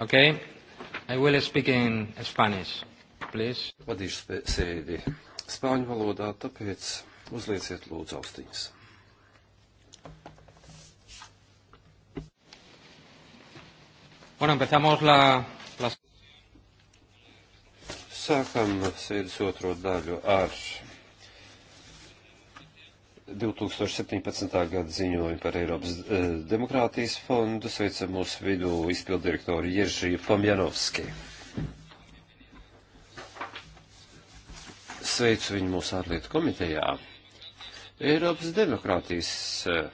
Okay. I will speak in Spanish, please. Vadīšu sēdi spāņu valodā, tāpēc uzlieciet lūdzu austiņas. Bueno, empezamos la, la... Sākam sēdes otro daļu ar 2017. gada ziņojumu par Eiropas eh, demokrātijas fondu. Sveicam mūsu vidū izpildirektoru Jeržī Pomjanovski. Sveicu viņu mūsu ārlietu komitejā. Eiropas demokrātijas eh,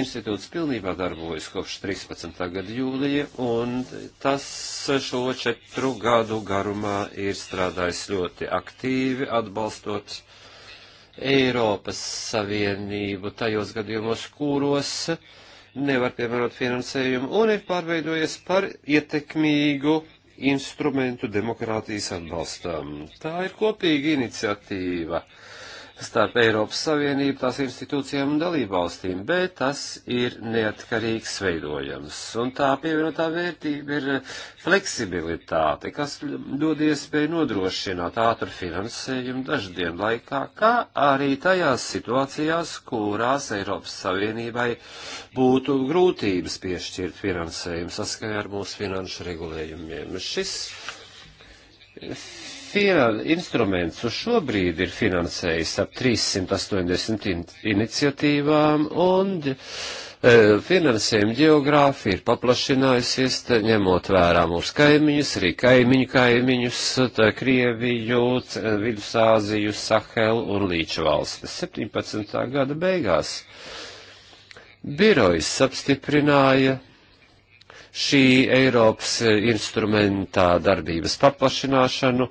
institūts pilnībā darbojas kopš 13. gada jūlija, un tas šo četru gadu garumā ir strādājis ļoti aktīvi, atbalstot uh, Eiropas Savienību tajos gadījumos, kuros nevar piemērot finansējumu un ir pārveidojies par ietekmīgu instrumentu demokrātijas atbalstam. Tā ir kopīga iniciatīva. Uh, starp Eiropas Savienību, tās institūcijām un dalībvalstīm, bet tas ir neatkarīgs veidojums. Un tā pievienotā vērtība ir fleksibilitāte, kas dod iespēju nodrošināt ātru finansējumu daždienu laikā, kā arī tajās situācijās, kurās Eiropas Savienībai būtu grūtības piešķirt finansējumu saskaņā ar mūsu finanšu regulējumiem. Šis finan, instruments uz šobrīd ir finansējis ap 380 in, iniciatīvām un e, finansējuma geogrāfija ir paplašinājusies, tā, ņemot vērā mūsu kaimiņus, arī kaimiņu kaimiņus, tā, Krieviju, Vidusāziju, Sahelu un Līča valstis 17. gada beigās. Birojs apstiprināja šī Eiropas e, instrumentā darbības paplašināšanu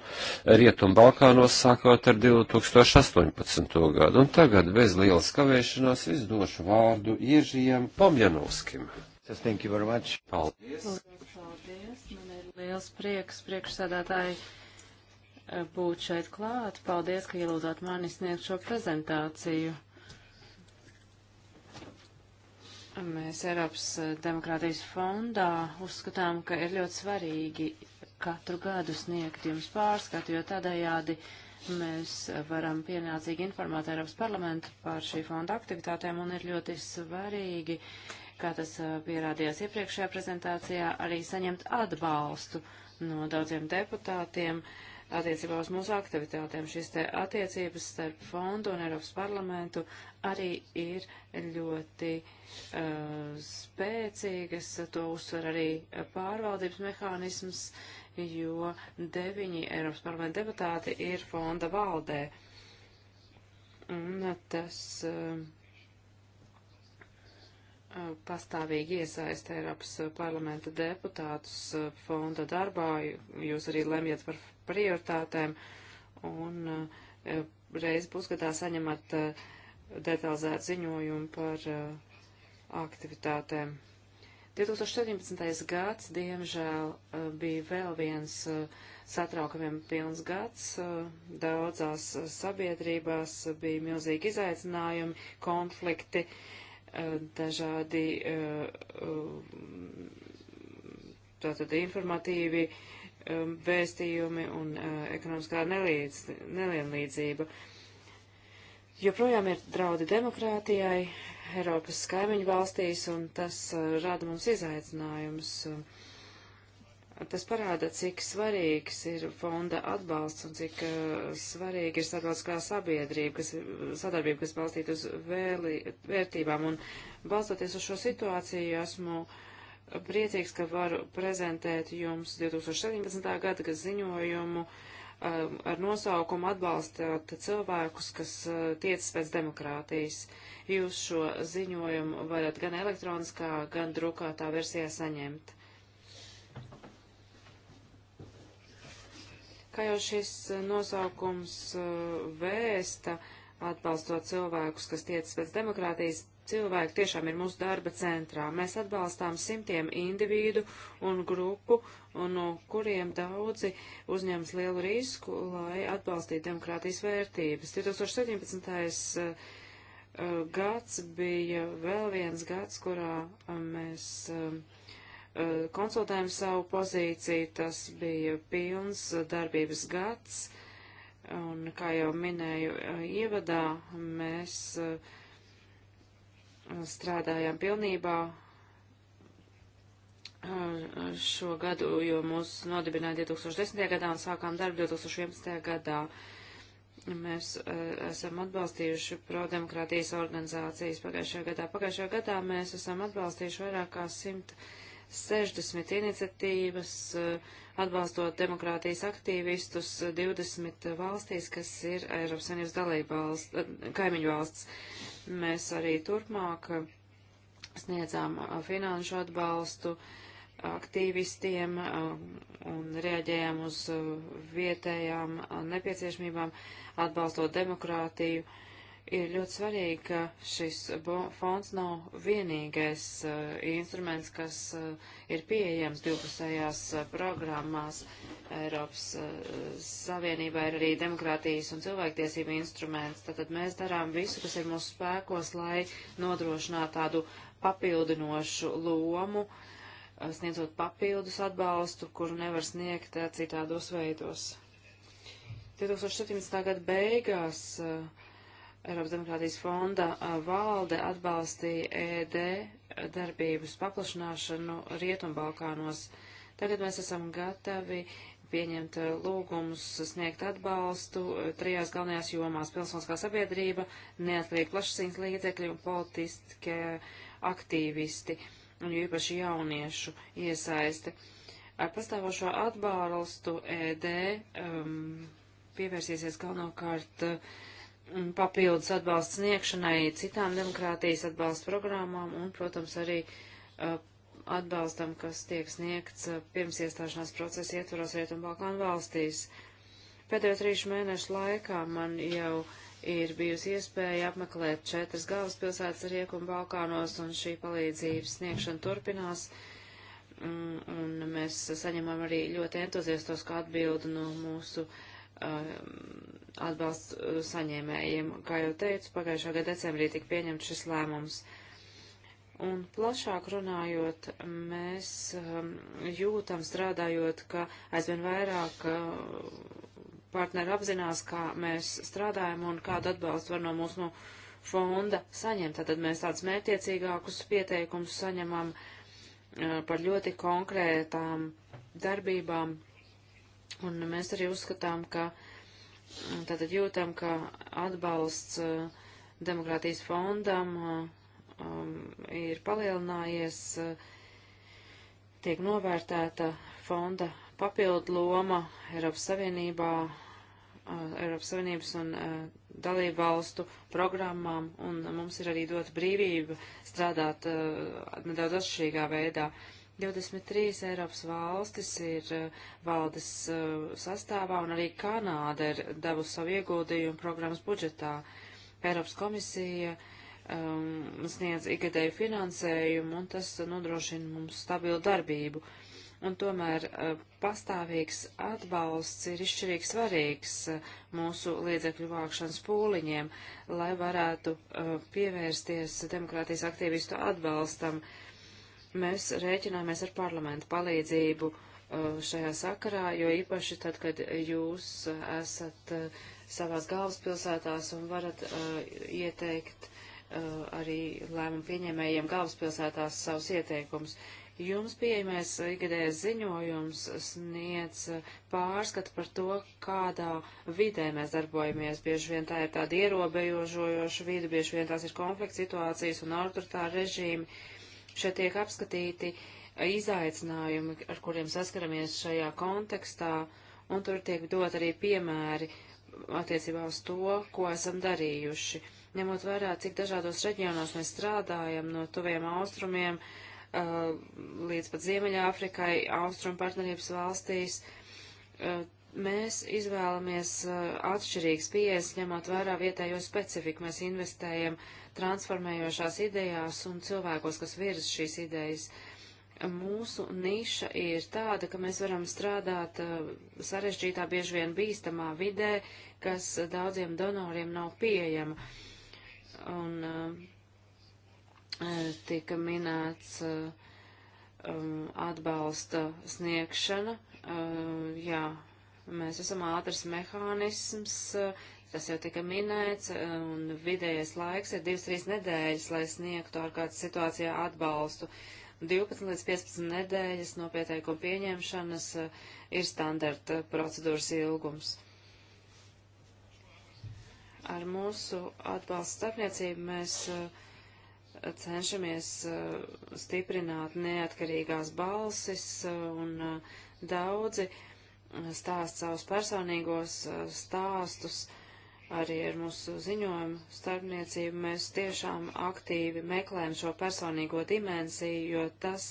Rietumbalkānos sākot ar 2018. gadu. Un tagad bez lielas kavēšanās izdošu vārdu Iežijam Pomjanovskim. Paldies. Paldies. Paldies. Man ir liels prieks priekšsādātāji e, būt šeit klāt. Paldies, ka ielūdzāt mani sniegt šo prezentāciju. Mēs Eiropas eh, demokrātijas fondā uzskatām, ka ir ļoti svarīgi katru gadu sniegt jums pārskatu, jo tādējādi mēs varam pienācīgi informēt Eiropas parlamentu par šī fonda aktivitātēm un ir ļoti svarīgi, kā tas eh, pierādījās iepriekšējā prezentācijā, arī saņemt atbalstu no daudziem deputātiem. Uh, attiecībā uz mūsu aktivitātēm. Šīs te attiecības starp fondu un Eiropas parlamentu arī ir ļoti uh, spēcīgas, to uzsver arī pārvaldības mehānisms, jo deviņi Eiropas parlamenta deputāti ir fonda valdē. Un tas uh, uh pastāvīgi iesaista Eiropas parlamenta deputātus uh, fonda darbā. Jūs arī lemjat par prioritātēm un eh, reiz pusgadā saņemat eh, detalizētu ziņojumu par eh, aktivitātēm. 2017. gads, diemžēl, bija vēl viens satraukumiem pilns gads. Daudzās sabiedrībās bija milzīgi izaicinājumi, konflikti, dažādi tātad informatīvi Um, vēstījumi un uh, ekonomiskā nelīdz, nelienlīdzība. Joprojām ir draudi demokrātijai, Eiropas kaimiņu valstīs, un tas uh, rada mums izaicinājumus. Tas parāda, cik svarīgs ir fonda atbalsts un cik uh, svarīgi ir starptautiskā sabiedrība, kas, sadarbība, kas balstīta uz vēli, vērtībām. Un balstoties uz šo situāciju, esmu uh, priecīgs, ka varu prezentēt jums 2017. gada kas ziņojumu um, ar nosaukumu atbalstāt cilvēkus, kas uh, tiecas pēc demokrātijas. Jūs šo ziņojumu varat gan elektroniskā, gan drukātā versijā saņemt. Kā jau šis uh, nosaukums uh, vēsta, atbalstot cilvēkus, kas tiecas pēc demokrātijas, cilvēki tiešām ir mūsu darba centrā. Mēs atbalstām simtiem individu un grupu, un no kuriem daudzi uzņems lielu risku, lai atbalstītu demokrātijas vērtības. 2017. Eh, eh, gads bija vēl viens gads, kurā eh, mēs konsultējam savu pozīciju. Tas bija pilns darbības gads, un kā jau minēju ievadā, mēs uh, strādājām pilnībā šo gadu, jo mūs nodibināja 2010. gadā un sākām darbu 2011. gadā. Mēs esam atbalstījuši prodemokrātijas organizācijas pagājušajā gadā. Pagājušajā gadā mēs esam atbalstījuši vairāk kā simt 60 iniciatīvas, eh, atbalstot demokrātijas aktīvistus 20 eh, valstīs, kas ir Eiropas Savienības dalība valsts, eh, kaimiņu valsts. Mēs arī turpmāk sniedzām finanšu atbalstu aktīvistiem un reaģējām uz vietējām nepieciešamībām, atbalstot demokrātiju ir ļoti svarīgi, ka šis fonds nav vienīgais uh, instruments, kas uh, ir pieejams divpusējās uh, programmās. Eiropas Savienībā ir arī demokrātijas un cilvēktiesība instruments. Tātad mēs darām visu, kas ir mūsu spēkos, lai nodrošinātu tādu papildinošu lomu, sniedzot papildus atbalstu, kuru nevar sniegt citādos veidos. 2017. gada beigās uh, Eiropas Demokrātijas fonda valde atbalstīja ED darbības paplašināšanu Rietumbalkānos. Tagad mēs esam gatavi pieņemt lūgumus, sniegt atbalstu trijās galvenajās jomās - pilsoniskā sabiedrība, neatkarīgi plašsaziņas līdzekļi un politiskie aktīvisti, un īpaši jauniešu iesaiste. Ar pastāvošo atbalstu ED um, pievērsīsies galvenokārt uh, Mm, papildus atbalsts sniegšanai citām demokrātijas atbalsta programmām un, protams, arī uh, atbalstam, kas tiek sniegts uh, pirms iestāšanās procesa ietvaros Rietumbalkānu valstīs. Pēdējo trīšu mēnešu laikā man jau ir bijusi iespēja apmeklēt četras galvaspilsētas Rietumbalkānos, un šī palīdzības sniegšana turpinās. Un, mm, un mēs saņemam arī ļoti entuziastos kā atbildi no mūsu uh, Um, atbalsts uh, saņēmējiem. Kā jau teicu, pagājušā gada decembrī tika pieņemts šis lēmums. Un plašāk runājot, mēs um, jūtam strādājot, ka aizvien vairāk uh, partneri apzinās, kā mēs strādājam un kādu atbalstu var no mūsu no fonda saņemt. Tad mēs tādus mērķiecīgākus pieteikumus saņemam uh, par ļoti konkrētām darbībām Un mēs arī uzskatām, ka mm, tātad jūtam, ka atbalsts eh, demokrātijas fondam eh, um, ir palielinājies, eh, tiek novērtēta fonda papildu loma Eiropas Savienībā, Eiropas Savienības un dalību valstu programmām, un mums ir arī dota brīvība strādāt nedaudz atšķirīgā veidā. Uh, 23 Eiropas valstis ir eh, valdes eh, sastāvā un arī Kanāda ir devusi savu ieguldījumu programmas budžetā. Eiropas komisija um, sniedz ikgadēju finansējumu un tas nodrošina mums stabilu darbību. Un tomēr uh, pastāvīgs atbalsts ir izšķirīgi svarīgs uh, mūsu līdzekļu vākšanas pūliņiem, lai varētu uh, pievērsties demokrātijas aktīvistu atbalstam. Uh, Mēs rēķināmies ar parlamentu palīdzību uh, šajā sakarā, jo īpaši tad, kad jūs uh, esat uh, savās galvaspilsētās un varat ieteikt arī lēmumu pieņēmējiem galvaspilsētās savus ieteikumus. Jums pieejamais ikgadējais ziņojums sniedz pārskatu par to, kādā vidē mēs darbojamies. Bieži vien tā ir tāda ierobežojoša vide, bieži vien tās ir konflikts situācijas un autoritāra režīmi. Uh, Šeit tiek apskatīti izaicinājumi, ar kuriem saskaramies šajā kontekstā, un tur tiek dot arī piemēri attiecībā uz to, ko esam darījuši. Ņemot vērā, cik dažādos reģionos mēs strādājam, no tuviem austrumiem uh, līdz pat Ziemeļāfrikai, austrumu partnerības valstīs, uh, Mēs izvēlamies eh, atšķirīgas pieejas, ņemot vērā vietējo specifiku. Mēs investējam transformējošās idejās un cilvēkos, kas virz šīs idejas. Mūsu niša ir tāda, ka mēs varam strādāt eh, sarežģītā, bieži vien bīstamā vidē, kas daudziem donoriem nav pieejama. Un eh, tika minēts um, atbalsta sniegšana. Jā, Mēs esam ātrs mehānisms, tas jau tika minēts, un vidējais laiks ir 2-3 nedēļas, lai sniegtu ārkārtas situācijā atbalstu. 12 līdz 15 nedēļas no pieteikuma pieņemšanas eh, ir standarta procedūras ilgums. Ar mūsu atbalsta starpniecību mēs eh, cenšamies eh, stiprināt neatkarīgās balsis un daudzi stāst savus personīgos eh, stāstus, arī ar mūsu ziņojumu starpniecību. Mēs tiešām aktīvi meklējam šo personīgo dimensiju, jo tas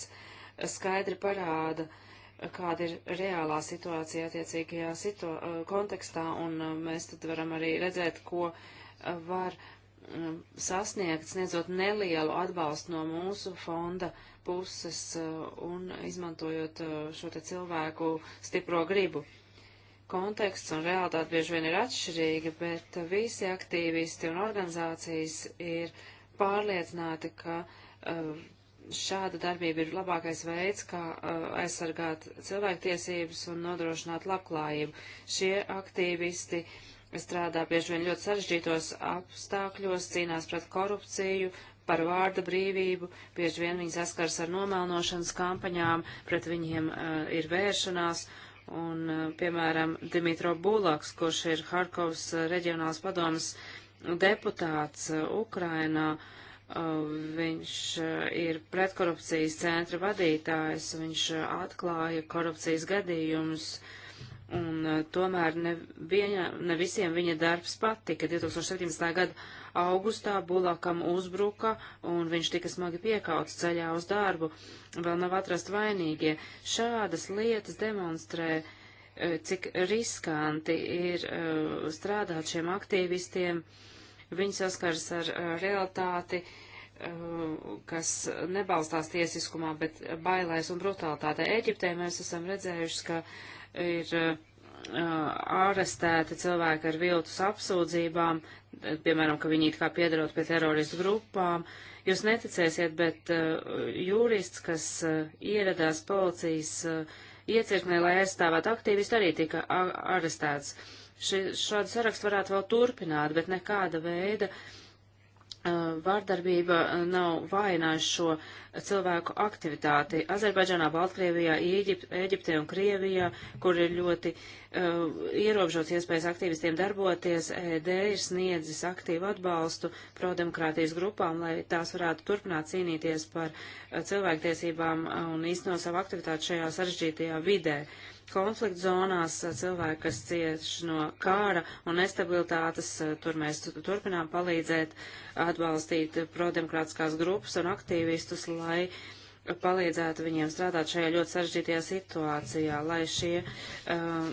skaidri parāda, eh, kāda ir reālā situācija attiecīgajā situ eh, kontekstā, un mēs tad varam arī redzēt, ko var Mm, sasniegt, sniedzot nelielu atbalstu no mūsu fonda puses uh, un izmantojot uh, šo te cilvēku stipro gribu. Konteksts un realitāte bieži vien ir atšķirīgi, bet visi aktīvisti un organizācijas ir pārliecināti, ka uh, šāda darbība ir labākais veids, kā aizsargāt cilvēktiesības un nodrošināt labklājību. Šie aktīvisti uh, strādā bieži vien ļoti sarežģītos apstākļos, cīnās pret korupciju, par vārda brīvību, bieži vien viņi saskars ar nomelnošanas kampaņām, pret viņiem uh, ir vēršanās. Un, uh, piemēram, Dimitro Bulaks, kurš ir Harkovs uh, reģionāls padomas deputāts uh, Ukrainā, uh, viņš uh, ir pretkorupcijas centra vadītājs, viņš uh, atklāja korupcijas gadījumus uh, un eh, tomēr ne, viņa, ne visiem viņa darbs patika. 2017. gada augustā Bulakam uzbruka, un viņš tika smagi piekauts ceļā uz darbu. Vēl nav atrast vainīgie. Šādas lietas demonstrē, eh, cik riskanti ir eh, strādāt šiem aktīvistiem. Viņi saskars ar realitāti kas nebalstās tiesiskumā, bet bailēs un brutalitātē. Eģiptē mēs esam redzējuši, ka uh, ir arestēti uh, cilvēki ar viltus apsūdzībām, eh, piemēram, ka viņi it kā piedarot pie teroristu grupām. Jūs neticēsiet, bet uh, jurists, kas uh, ieradās policijas iecirknē, lai aizstāvētu aktīvistu, arī tika arestēts. Šādu sarakstu varētu vēl turpināt, bet nekāda veida uh, Uh, vārdarbība uh, nav vājinājusi šo cilvēku aktivitāti. Azerbaidžanā, Baltkrievijā, Ēģip, Ēģiptē un Krievijā, kur ir ļoti uh, ierobežots iespējas aktīvistiem darboties, ED ir sniedzis aktīvu atbalstu prodemokrātijas grupām, lai tās varētu turpināt cīnīties par uh, cilvēktiesībām un īstenot savu aktivitāti šajā sarežģītajā vidē. Uh, konflikt zonās eh, cilvēki, kas cieš no kāra un nestabilitātes, eh, tur mēs turpinām palīdzēt atbalstīt prodemokrātiskās grupas un aktīvistus, lai palīdzētu viņiem strādāt šajā ļoti sarežģītajā situācijā, lai šie um,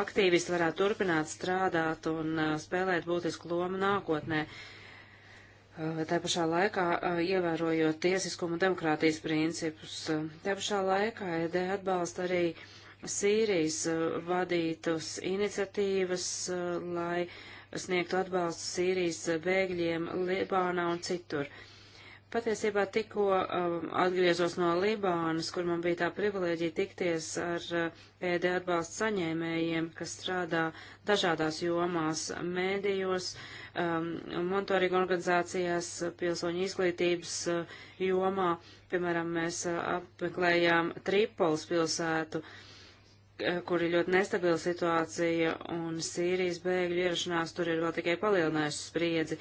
aktīvisti varētu turpināt strādāt un uh, spēlēt būtisku lomu nākotnē. Uh, tā pašā laikā uh, ievērojot tiesiskumu un demokrātijas principus. Tā pašā laikā ED atbalsta arī uh, Sīrijas uh, vadītas iniciatīvas, uh, lai sniegtu atbalstu Sīrijas bēgļiem Libānā un citur. Patiesībā tikko um, atgriezos no Libānas, kur man bija tā privilēģija tikties ar ED uh, atbalstu saņēmējiem, kas strādā dažādās jomās - mēdījos, um, monitoringa organizācijās, pilsoņu izglītības uh, jomā. Piemēram, mēs uh, apmeklējām Tripols pilsētu, uh, kur ir ļoti nestabila situācija, un Sīrijas bēgļu ierašanās tur ir vēl tikai palielinājusi spriedzi.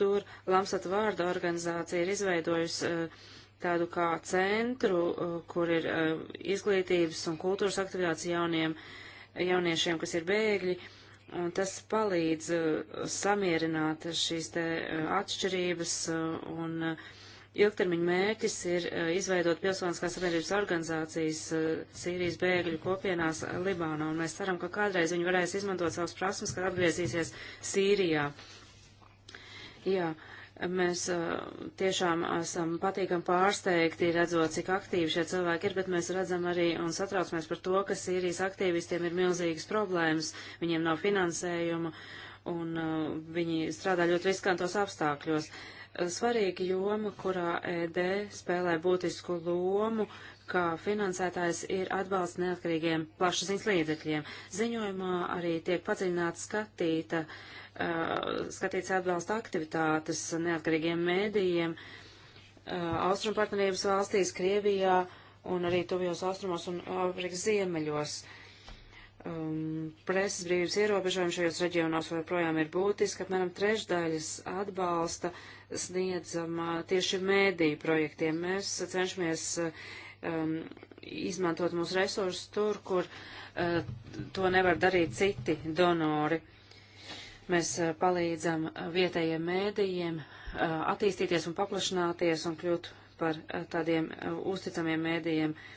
Tur Lamsat vārda organizācija ir izveidojusi eh, tādu kā centru, eh, kur ir eh, izglītības un kultūras aktivitātes jauniem, jauniešiem, kas ir bēgļi, un tas palīdz samierināt šīs te atšķirības un uh, Ilgtermiņa mērķis ir eh, izveidot pilsoniskās sabiedrības organizācijas eh, Sīrijas bēgļu kopienās eh, Libānā, un mēs ceram, ka kādreiz viņi varēs izmantot savas prasmes, kad atgriezīsies Sīrijā. Jā, mēs tiešām esam patīkam pārsteigti, redzot, cik aktīvi šie cilvēki ir, bet mēs redzam arī un satraucamies par to, ka Sīrijas aktīvistiem ir milzīgas problēmas, viņiem nav finansējuma, un viņi strādā ļoti riskantos apstākļos. Uh, svarīga joma, kurā ED spēlē būtisku lomu, kā finansētājs ir atbalsts neatkarīgiem plašsaziņas līdzekļiem. Ziņojumā arī tiek padziļināta skatīta, uh, skatīts atbalsta aktivitātes neatkarīgiem mēdījiem uh, Austrum partnerības valstīs, Krievijā un arī tuvijos austrumos un Afrikas ziemeļos. Uh, um, preses brīvības ierobežojumi šajos reģionos joprojām ir būtiski. Apmēram trešdaļas atbalsta sniedzam uh, tieši mēdīju projektiem. Mēs uh, cenšamies um, izmantot mūsu resursus tur, kur uh, to nevar darīt citi donori. Mēs uh, palīdzam vietējiem mēdījiem uh, attīstīties un paplašināties un kļūt par uh, tādiem uh, uzticamiem mēdījiem. Uh,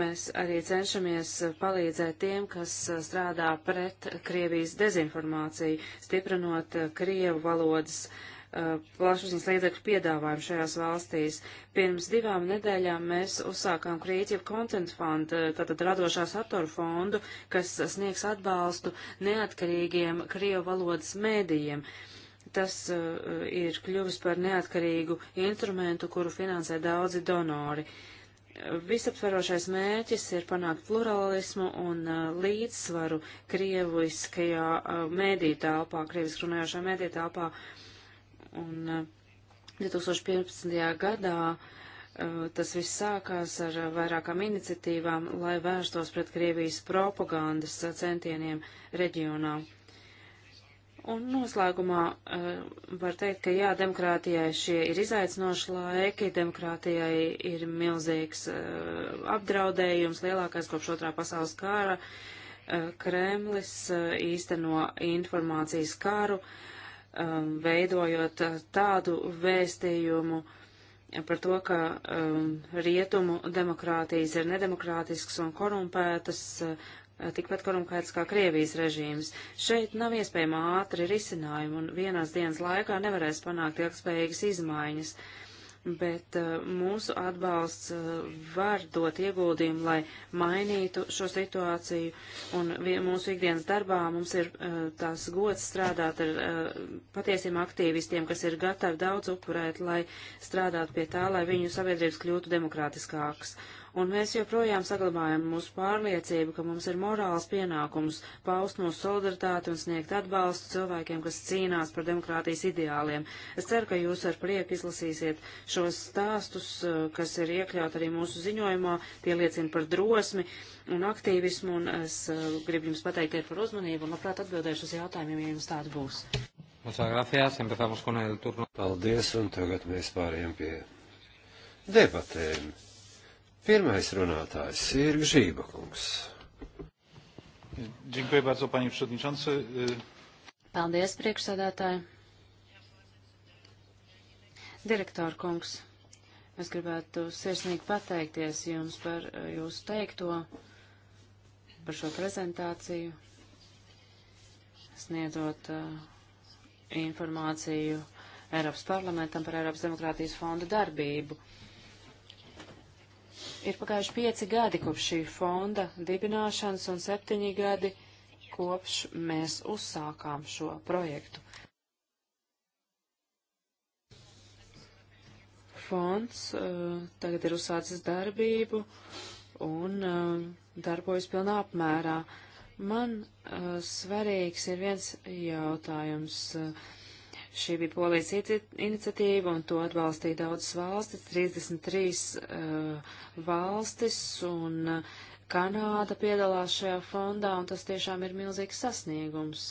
Mēs arī cenšamies palīdzēt tiem, kas uh, strādā pret Krievijas dezinformāciju, stiprinot uh, Krievu valodas uh, plašsaziņas līdzekļu piedāvājumu šajās valstīs. Pirms divām nedēļām mēs uzsākām Creative Content Fund, uh, tātad radošā satura fondu, kas sniegs atbalstu neatkarīgiem Krievu valodas mēdījiem. Tas uh, ir kļuvis par neatkarīgu instrumentu, kuru finansē daudzi donori. Uh, Visaptverošais mērķis ir panākt pluralismu un uh, līdzsvaru krieviskajā uh, mēdī telpā, krieviski runājošā mēdī telpā. Un uh, 2015. gadā tas viss sākās ar vairākām iniciatīvām, lai vērstos pret Krievijas propagandas centieniem reģionā. Un noslēgumā uh, var teikt, ka jā, demokrātijai šie ir izaicinoši laiki, demokrātijai ir milzīgs uh, apdraudējums, lielākais kopš otrā pasaules kara. Uh, Kremlis īsteno informācijas karu, um, veidojot tādu vēstījumu par to, ka um, rietumu demokrātijas ir nedemokrātisks un korumpētas, Eh, tikpat korumpēts kā Krievijas režīms. Šeit nav iespējama ātri risinājumi un vienās dienas laikā nevarēs panākt ilgspējīgas izmaiņas, bet uh, mūsu atbalsts uh, var dot ieguldījumu, lai mainītu šo situāciju un mūsu ikdienas darbā mums ir uh, tās gods strādāt ar patiesiem aktīvistiem, kas ir gatavi daudz upurēt, lai strādātu pie tā, lai viņu sabiedrības kļūtu demokrātiskāks un mēs joprojām saglabājam mūsu pārliecību, ka mums ir morāls pienākums paust mūsu solidaritāti un sniegt atbalstu cilvēkiem, kas cīnās par demokrātijas ideāliem. Es ceru, ka jūs ar prieku izlasīsiet šos stāstus, eh, kas ir iekļaut arī mūsu ziņojumā, tie liecina par drosmi un aktīvismu, un es eh, gribu jums pateikt par uzmanību un labprāt atbildēšu uz jautājumiem, ja jums tāds būs. Muchas gracias. Empezamos con el turno. Paldies, un tagad mēs pāriem pie debatēm. Pirmais runātājs ir Gžība kungs. Paldies, priekšsādātāji. Direktor kungs, es gribētu sirsnīgi pateikties jums par jūsu teikto, par šo prezentāciju, sniedzot uh, informāciju Eiropas parlamentam par Eiropas demokrātijas fonda darbību. Uh, Ir pagājuši pieci gadi kopš šī fonda dibināšanas un septiņi gadi kopš mēs uzsākām šo projektu. Fonds uh, tagad ir uzsācis darbību un uh, darbojas pilnā apmērā. Man uh, svarīgs ir viens jautājums. Uh, Šī bija polijas iniciatīva, un to atbalstīja daudzas valstis, 33 uh, valstis, un uh, Kanāda piedalās šajā fondā, un tas tiešām ir milzīgs sasniegums.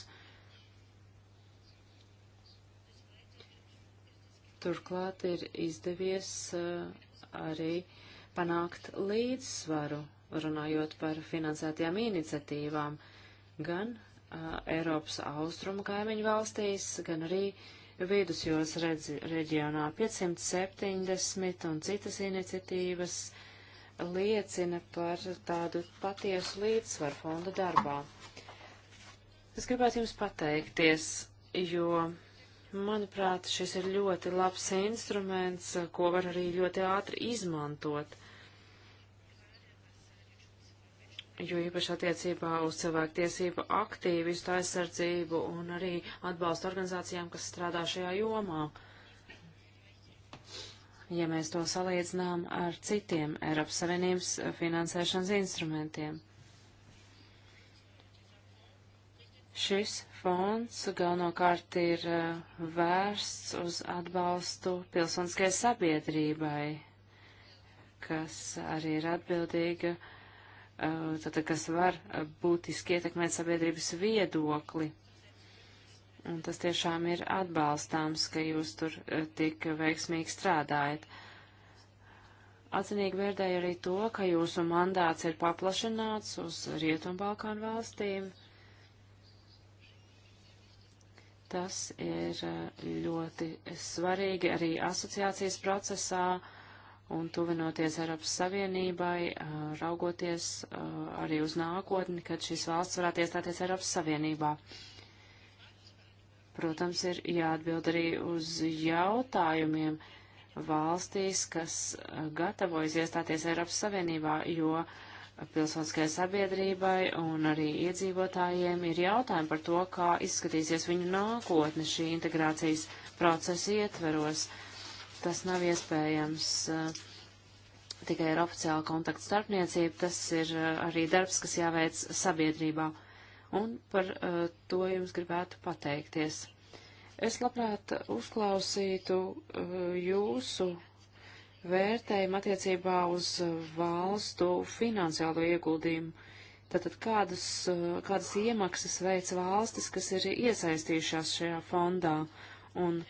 Turklāt ir izdevies uh, arī panākt līdzsvaru, runājot par finansētajām iniciatīvām, gan Eiropas austrumu kaimiņu valstīs, gan arī vidusjūras reģionā 570 un citas iniciatīvas liecina par tādu patiesu līdzsvaru fonda darbā. Es gribētu jums pateikties, jo, manuprāt, šis ir ļoti labs instruments, ko var arī ļoti ātri izmantot. Uh, jo īpaši attiecībā uz cilvēku tiesību aktīvistu aizsardzību un arī atbalstu organizācijām, kas strādā šajā jomā. Ja mēs to salīdzinām ar citiem Eiropas Savienības finansēšanas instrumentiem. Šis fonds galvenokārt ir uh, vērsts uz atbalstu pilsoniskajai sabiedrībai, kas arī ir atbildīga uh, tātad, kas var eh, būtiski ietekmēt sabiedrības viedokli. Un tas tiešām ir atbalstāms, ka jūs tur eh, tik veiksmīgi strādājat. Atzinīgi vērtēju arī to, ka jūsu mandāts ir paplašināts uz Rietumbalkānu valstīm. Tas ir eh, ļoti svarīgi arī asociācijas procesā. Uh, un tuvinoties Eiropas Savienībai, raugoties arī uz nākotni, kad šīs valsts varētu iestāties Eiropas Savienībā. Protams, ir jāatbild arī uz jautājumiem valstīs, kas gatavojas iestāties Eiropas Savienībā, jo pilsoniskajai sabiedrībai un arī iedzīvotājiem ir jautājumi par to, kā izskatīsies viņu nākotne šī integrācijas procesa ietveros. Uh, Tas nav iespējams uh, tikai ar oficiālu kontaktu starpniecību, tas ir uh, arī darbs, kas jāveic sabiedrībā. Un par uh, to jums gribētu pateikties. Es labprāt uzklausītu jūsu vērtējumu attiecībā uz valstu finansiālo ieguldījumu. Tātad kādas, kādas iemaksas veic valstis, kas ir iesaistījušās šajā fondā, un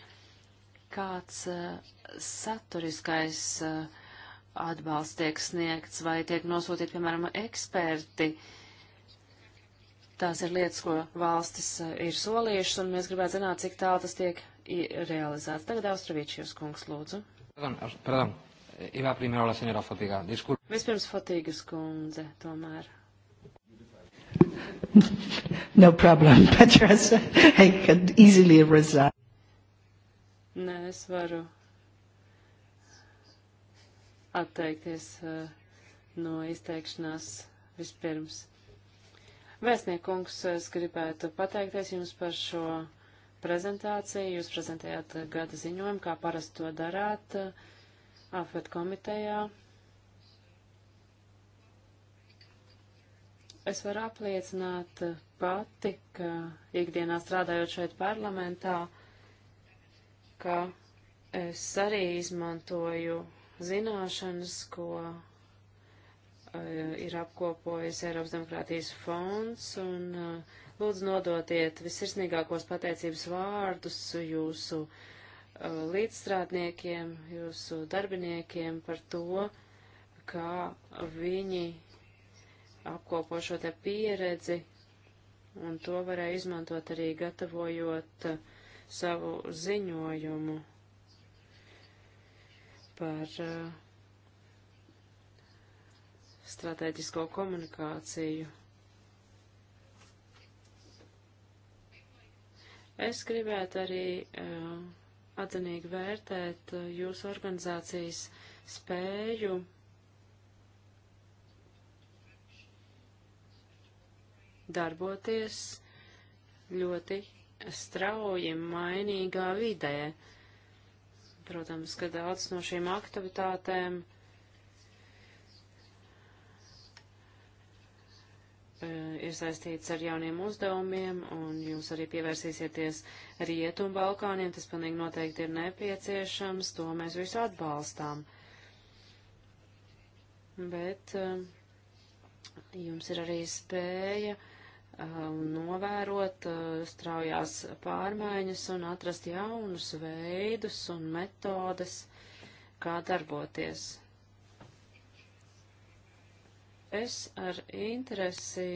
kāds eh, saturiskais eh, atbalsts tiek sniegts vai tiek nosūtīti, piemēram, eksperti. Tās ir lietas, ko valstis eh, ir solījušas, un mēs gribētu zināt, cik tālu tas tiek realizēts. Tagad Austravičijos kungs, lūdzu. Pardon, pardon. Iba primero la señora Fotiga. Disculpe. Vispirms Fotigas kundze, tomēr. No problem, Petras. I could easily resign. Nē, es varu atteikties uh, no izteikšanās vispirms. Vēstniekungs, eh, es gribētu pateikties jums par šo prezentāciju. Jūs prezentējāt eh, gada ziņojumu, kā parasti to darāt uh, AFET komitejā. Es varu apliecināt pati, ka ikdienā strādājot šeit parlamentā, uh, ka es arī izmantoju zināšanas, ko uh, ir apkopojis Eiropas demokrātijas fonds, un uh, lūdzu nododiet visirsnīgākos pateicības vārdus jūsu uh, līdzstrādniekiem, jūsu darbiniekiem par to, kā viņi apkopo šo te pieredzi, un to varēja izmantot arī gatavojot uh, savu ziņojumu par uh, stratēģisko komunikāciju. Es gribētu arī uh, atzinīgi vērtēt uh, jūsu organizācijas spēju darboties ļoti strauji mainīgā vidē. Protams, ka daudz no šīm aktivitātēm e, ir saistīts ar jauniem uzdevumiem, un jūs arī pievērsīsieties Rietumu Balkāniem. Tas pilnīgi noteikti ir nepieciešams, to mēs visu atbalstām. Bet e, jums ir arī spēja uh, Um, novērot uh, straujās pārmaiņas un atrast jaunus veidus un metodes, kā darboties. Es ar interesi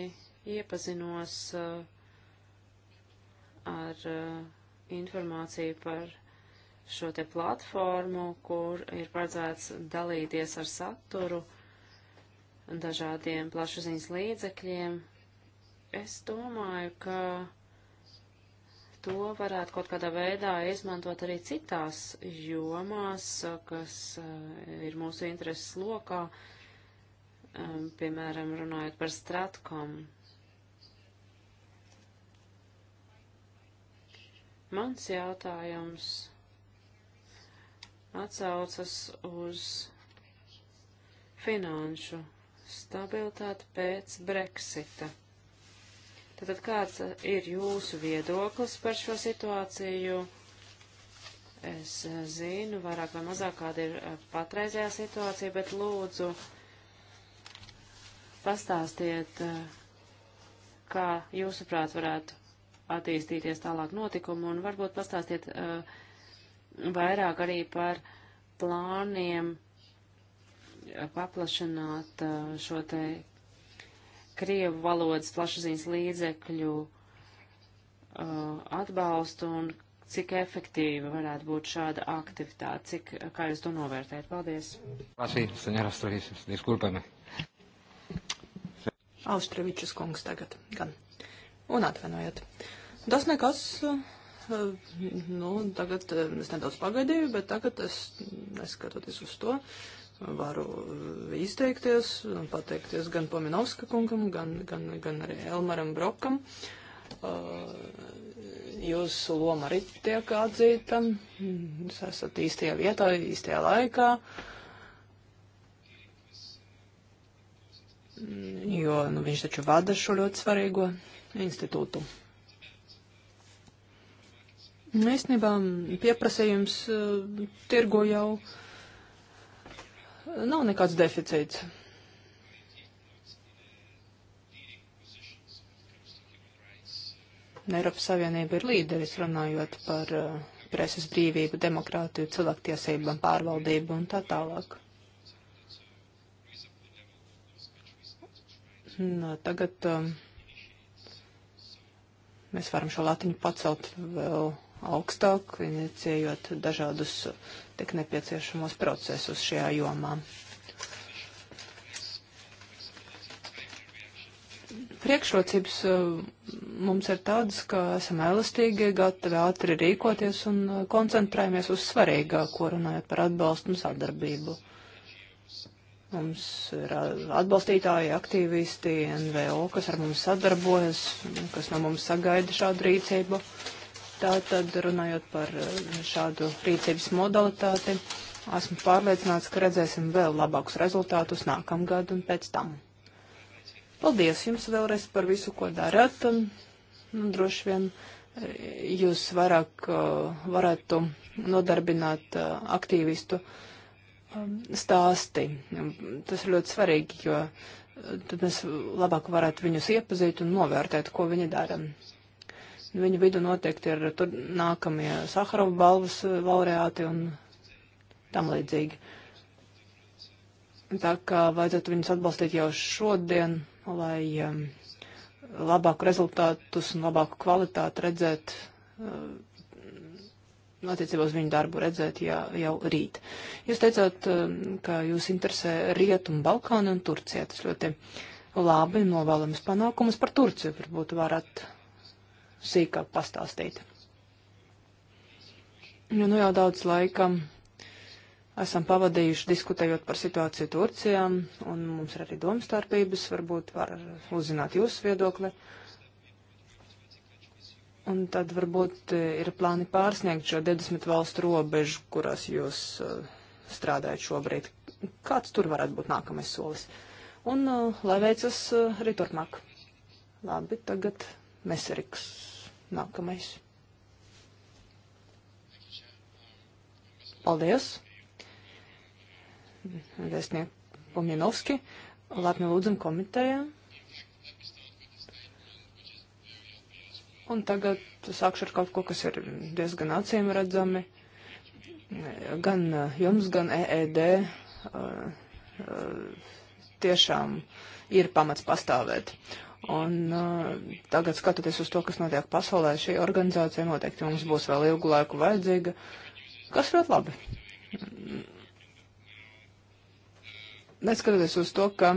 iepazinos uh, ar uh, informāciju par šo te platformu, kur ir paredzēts dalīties ar saturu dažādiem plašsaziņas līdzekļiem, Es domāju, ka to varētu kaut kādā veidā izmantot arī citās jomās, kas eh, ir mūsu intereses lokā, ehm, piemēram, runājot par Stratkom. Mans jautājums atsaucas uz finanšu stabilitāti pēc Brexita. Tātad kāds ir jūsu viedoklis par šo situāciju? Es eh, zinu, vairāk vai mazāk kāda ir eh, patreizējā situācija, bet lūdzu pastāstiet, eh, kā jūsuprāt varētu attīstīties tālāk notikumu un varbūt pastāstiet uh, vairāk arī par plāniem paplašināt uh, šo te krievu valodas plašsaziņas līdzekļu uh, atbalstu un cik efektīva varētu būt šāda aktivitāte, cik, kā jūs to novērtējat? Paldies. Austravičus kungs tagad gan. Un atvainojiet. Tas nekas, uh, nu, tagad uh, es nedaudz pagaidīju, bet tagad es, neskatoties uz to, varu izteikties un pateikties gan Pominovska kungam, gan, gan, gan arī Elmaram Brokam. Uh, jūsu loma arī tiek atzīta. Jūs esat īstajā vietā, īstajā laikā. Jo nu, viņš taču vada šo ļoti svarīgo institūtu. Īstenībā pieprasījums uh, tirgo jau uh, nav nekāds deficīts. Eiropas Savienība ir līderis runājot par uh, preses brīvību, demokrātiju, cilvēktiesībām, pārvaldību un tā tālāk. Nā, uh, tagad um, mēs varam šo latiņu pacelt vēl augstāk, inicijējot dažādus tik nepieciešamos procesus šajā jomā. Priekšrocības uh, mums ir tādas, ka esam elastīgi, gatavi ātri rīkoties un uh, koncentrējamies uz svarīgāko, runājot par atbalstu un sadarbību. Mums ir uh, atbalstītāji, aktīvisti, NVO, kas ar mums sadarbojas, kas no mums sagaida šādu rīcību. Uh, Tātad, runājot par eh, šādu rīcības modalitāti, esmu pārliecināts, ka redzēsim vēl labākus rezultātus nākamgad un pēc tam. Paldies jums vēlreiz par visu, ko darat. Un, nu, droši vien eh, jūs vairāk uh, varētu nodarbināt uh, aktīvistu um, stāsti. Tas ir ļoti svarīgi, jo tad mēs labāk varētu viņus iepazīt un novērtēt, ko viņi dara. Viņu vidu noteikti ir tur nākamie Saharova balvas eh, laureāti un tam līdzīgi. Tā kā vajadzētu viņus atbalstīt jau šodien, lai um, labāku rezultātus un labāku kvalitāti redzēt, um, attiecībā uz viņu darbu redzēt jā, jau rīt. Jūs teicāt, um, ka jūs interesē Rietumu, Balkānu un Turcija. Tas ļoti labi novēlams panākumus par Turciju. Varbūt varat sīkāk pastāstīt. Jo nu, nu jau daudz laika esam pavadījuši diskutējot par situāciju Turcijā, un mums ir arī domstarpības, varbūt var uzzināt jūsu viedokli. Un tad varbūt eh, ir plāni pārsniegt šo 20 valstu robežu, kurās jūs uh, strādājat šobrīd. Kāds tur varētu būt nākamais solis? Un uh, lai veicas uh, arī turpmāk. Labi, tagad Meseriks Nākamais. Paldies. Vēstnieku Pominovski. Lepni lūdzam komitejā. Un tagad sākšu ar kaut ko, kas ir diezgan acīm redzami. Gan eh, jums, gan EED uh, eh, uh, eh, tiešām ir pamats pastāvēt. Un uh, tagad skatoties uz to, kas notiek pasaulē, šī organizācija noteikti mums būs vēl ilgu laiku vajadzīga, kas ļoti labi. Neskatoties uz to, ka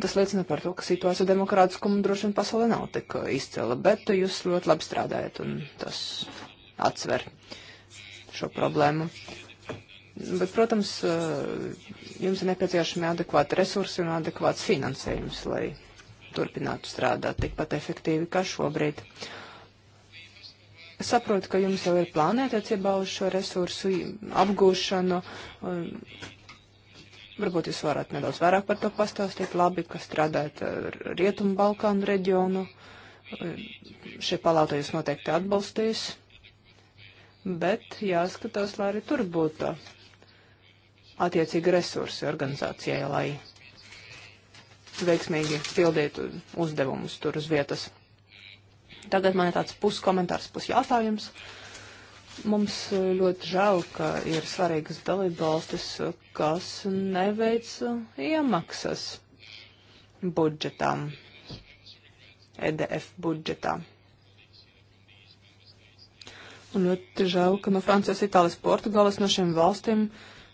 tas liecina par to, ka situācija demokrātiskuma droši vien pasaulē nav tik izcila, bet jūs ļoti labi strādājat un tas atsver šo problēmu. Bet, protams, uh, jums ir nepieciešami adekvāti resursi un adekvāts finansējums, lai turpinātu strādāt tikpat efektīvi kā šobrīd. Es saprotu, ka jums jau ir plānēta attiecībā uz šo resursu apgūšanu. Um, varbūt jūs varat nedaudz vairāk par to pastāstīt. Labi, ka strādājat Rietumu Balkānu reģionu. Um, Šie palāta jūs noteikti atbalstīs. Bet jāskatās, lai arī tur būtu attiecīgi resursi organizācijai, lai veiksmīgi pildīt uzdevumus tur uz vietas. Tagad man ir tāds puskomentārs, pusjautājums. Mums e, ļoti žēl, ka ir svarīgas dalībvalstis, e, kas neveic e, iemaksas budžetām, EDF budžetām. Un ļoti žēl, ka no Francijas, Itālijas, Portugāles, no šiem valstīm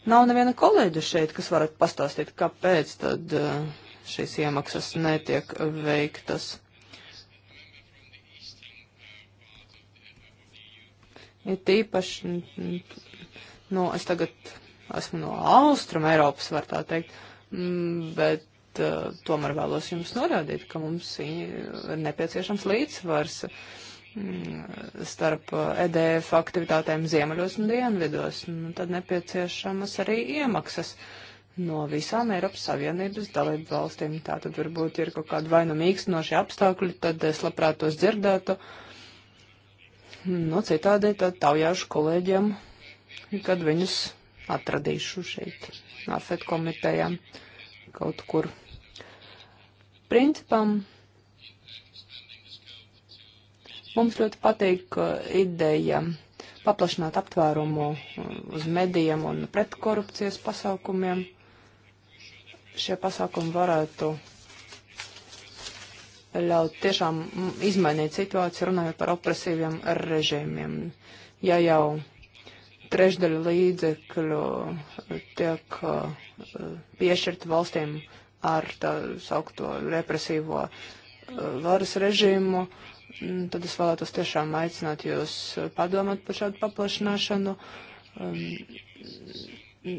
nav neviena kolēģa šeit, kas varētu pastāstīt, kāpēc tad uh, šīs iemaksas netiek veiktas. Ir tīpaši, nu, es tagad esmu no Austruma Eiropas, var tā teikt, mm, bet uh, tomēr vēlos jums norādīt, ka mums ir nepieciešams līdzsvars mm, starp EDF eh, e aktivitātēm ziemeļos un dienvidos, un nu, tad nepieciešamas arī iemaksas. Uh, no visām Eiropas Savienības dalību valstīm. Tā tad varbūt ir kaut kāda vainu mīkstinoši apstākļi, tad es labprāt tos dzirdētu. Nu, citādi tad taujāšu kolēģiem, kad viņus atradīšu šeit, AFET komitejā kaut kur. Principam mums ļoti patīk uh, ideja paplašināt aptvērumu uh, uz medijiem un pretkorupcijas pasaukumiem šie pasākumi varētu ļaut tiešām izmainīt situāciju, runājot par opresīviem režīmiem. Ja jau trešdaļa līdzekļu tiek eh, piešķirta valstīm ar tā saukto represīvo eh, varas režīmu, mm, tad es vēlētos tiešām aicināt jūs padomāt par šādu paplašināšanu um,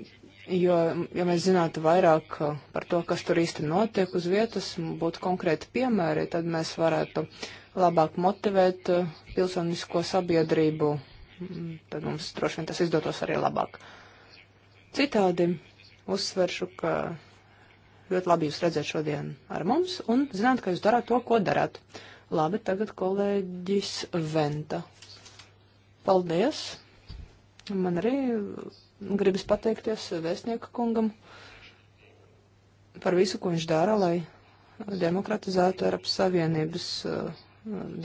Jo, ja mēs zinātu vairāk uh, par to, kas tur īsti notiek uz vietas, būtu konkrēti piemēri, tad mēs varētu labāk motivēt uh, pilsonisko sabiedrību. Tad mums droši vien tas izdotos arī labāk. Citādi uzsveršu, ka ļoti labi jūs redzēt šodien ar mums un zināt, ka jūs darāt to, ko darāt. Labi, tagad kolēģis Venta. Paldies! Man arī Gribas pateikties vēstnieka kungam par visu, ko viņš dara, lai demokratizētu Eiropas Savienības uh,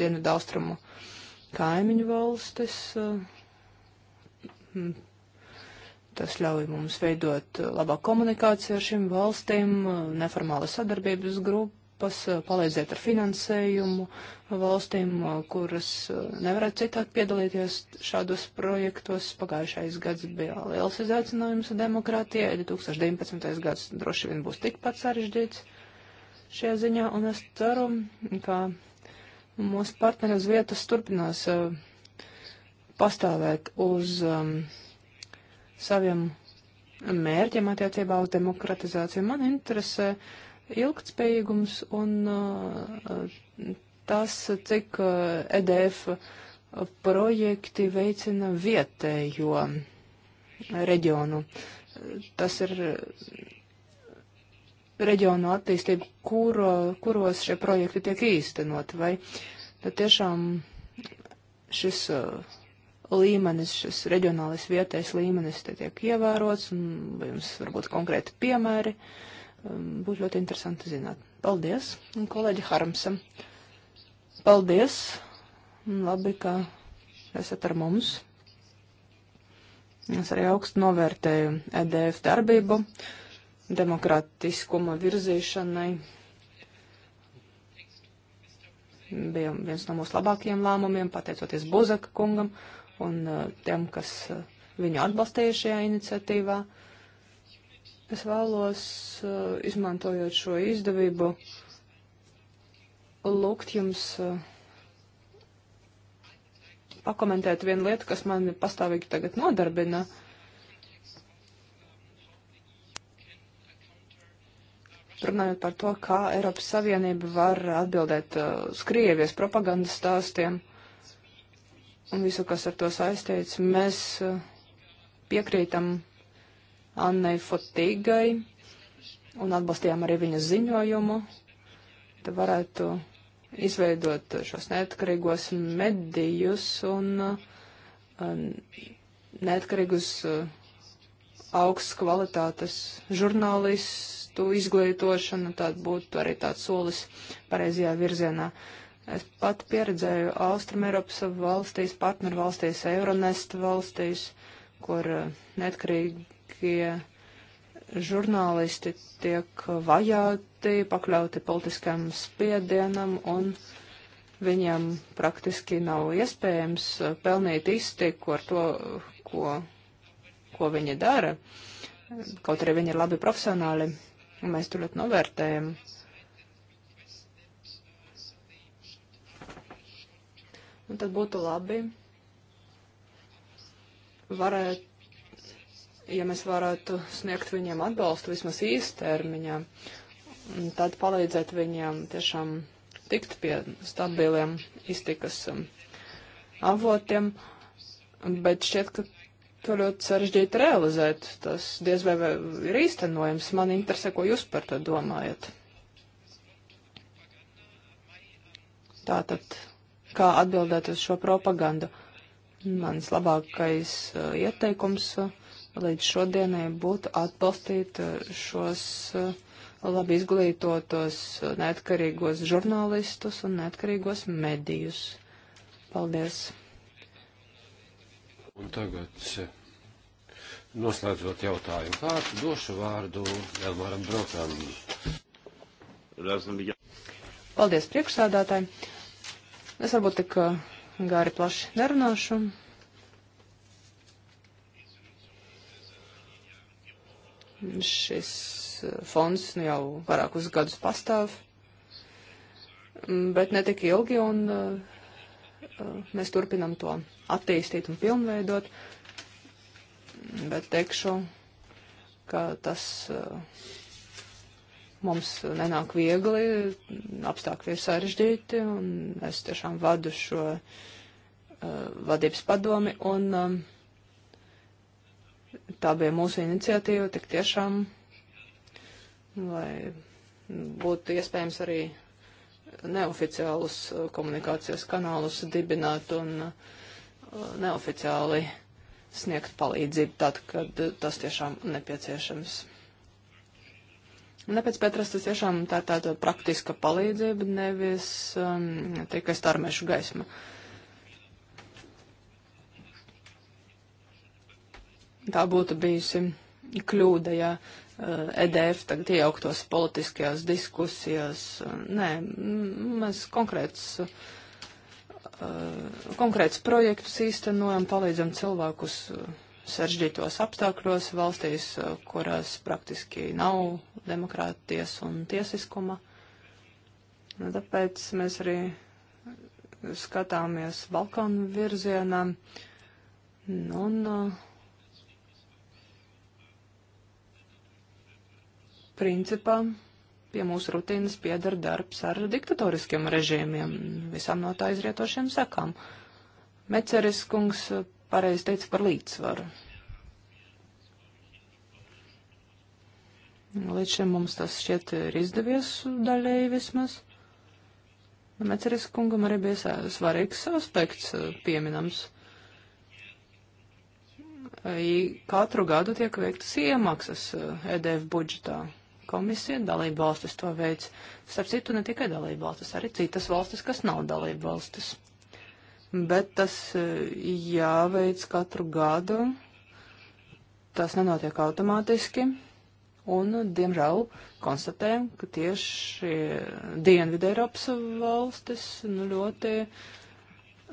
dienvidu austrumu kaimiņu valstis. Uh, tas ļauj mums veidot labāku komunikāciju ar šīm valstīm, uh, neformāla sadarbības grupa grupas, eh, palīdzēt ar finansējumu valstīm, eh, kuras eh, nevarētu citādi piedalīties šādos projektos. Pagājušais gads bija liels izaicinājums demokrātijai, 2019. gads droši vien būs tikpat sarežģīts šajā ziņā, un es ceru, ka mūsu partneri uz vietas turpinās uh, pastāvēt uz um, saviem mērķiem attiecībā uz demokratizāciju. Man interesē, uh, ilgtspējīgums un uh, tas, cik uh, EDF uh, projekti veicina vietējo reģionu. Tas ir reģionu attīstību, kuro, kuros šie projekti tiek īstenot, vai tad nu, tiešām šis līmenis, šis reģionālais vietējais līmenis te tiek ievērots, un vai jums varbūt konkrēti piemēri. Uh, Um, Būs ļoti interesanti zināt. Paldies, kolēģi Harmsam. Paldies. Labi, ka esat ar mums. Es arī augstu novērtēju EDF darbību, demokratiskuma virzīšanai. Bija viens no mūsu labākajiem lēmumiem, pateicoties Buzaka kungam un uh, tiem, kas uh, viņu atbalstīja šajā iniciatīvā. Uh, Es vēlos, eh, izmantojot šo izdevību, lūgt jums eh, pakomentēt vienu lietu, kas man pastāvīgi tagad nodarbina. runājot par to, kā Eiropas Savienība var atbildēt eh, uz uh, Krievijas propagandas stāstiem un visu, kas ar to saistīts. Mēs uh, piekrītam Annai Fotīgai un atbalstījām arī viņas ziņojumu. Te varētu izveidot šos neatkarīgos medijus un neatkarīgus uh, augsts kvalitātes žurnālistu izglītošanu, tad būtu arī tāds solis pareizajā virzienā. Es pat pieredzēju Austrum Eiropas valstīs, partneru valstīs, Euronest valstīs, kur uh, neatkarīgi politiskie žurnālisti tiek vajāti, pakļauti politiskam spiedienam un viņam praktiski nav iespējams pelnīt iztiku ar to, ko, ko viņi dara. Kaut arī viņi ir labi profesionāli, un mēs to ļoti novērtējam. Un tad būtu labi varētu ja mēs varētu sniegt viņiem atbalstu vismaz īstermiņā, tad palīdzēt viņiem tiešām tikt pie stabiliem iztikas um, avotiem, bet šķiet, ka to ļoti sarežģīti realizēt. Tas diez vai ir īstenojams. Man interesē, ko jūs par to domājat. Tātad, kā atbildēt uz šo propagandu? Mans labākais uh, ieteikums. Uh, līdz šodienai būtu atbalstīt eh, šos eh, labi izglītotos eh, neatkarīgos žurnālistus un neatkarīgos medijus. Paldies! Un tagad, noslēdzot jautājumu kārtu, došu vārdu Elmaram Brokam. Paldies priekšsādātāji! Es varbūt tik gāri plaši nerunāšu. Šis eh, fonds nu, jau vairākus gadus pastāv, bet ne tik ilgi, un uh, mēs turpinam to attīstīt un pilnveidot. Bet teikšu, ka tas uh, mums nenāk viegli, apstākļi ir sarežģīti, un es tiešām vadu šo uh, vadības padomi. Un, um, Tā bija mūsu iniciatīva tik tiešām, lai būtu iespējams arī neoficiālus uh, komunikācijas kanālus dibināt un uh, neoficiāli sniegt palīdzību tad, kad uh, tas tiešām nepieciešams. Un tāpēc Petras tas tiešām tā ir tāda praktiska palīdzība, nevis um, tikai starmešu gaisma. Uh, Tā būtu bijusi kļūda, ja EDF eh, e tagad iejauktos politiskajās diskusijās. Nē, mēs konkrēts, eh, konkrēts projektus īstenojam, palīdzam cilvēkus saržģītos apstākļos valstīs, kurās praktiski nav demokrātijas un tiesiskuma. Nu, tāpēc mēs arī skatāmies Balkānu virzienā. Nu, un, uh, principā pie mūsu rutīnas piedara darbs ar diktatoriskiem režīmiem, visām no tā izrietošiem sekām. Meceris kungs pareizi teica par līdzsvaru. Līdz šim mums tas šķiet ir izdevies daļēji vismaz. Meceris kungam arī bija svarīgs aspekts eh, pieminams. Katru gadu tiek veiktas iemaksas EDF eh, e budžetā komisija, dalība valstis to veids. Starp citu, ne tikai dalība valstis, arī citas valstis, kas nav dalība valstis. Bet tas e, jāveic katru gadu, tas nenotiek automātiski, un, diemžēl, konstatējam, ka tieši Dienvidē Eiropas valstis nu, ļoti uh,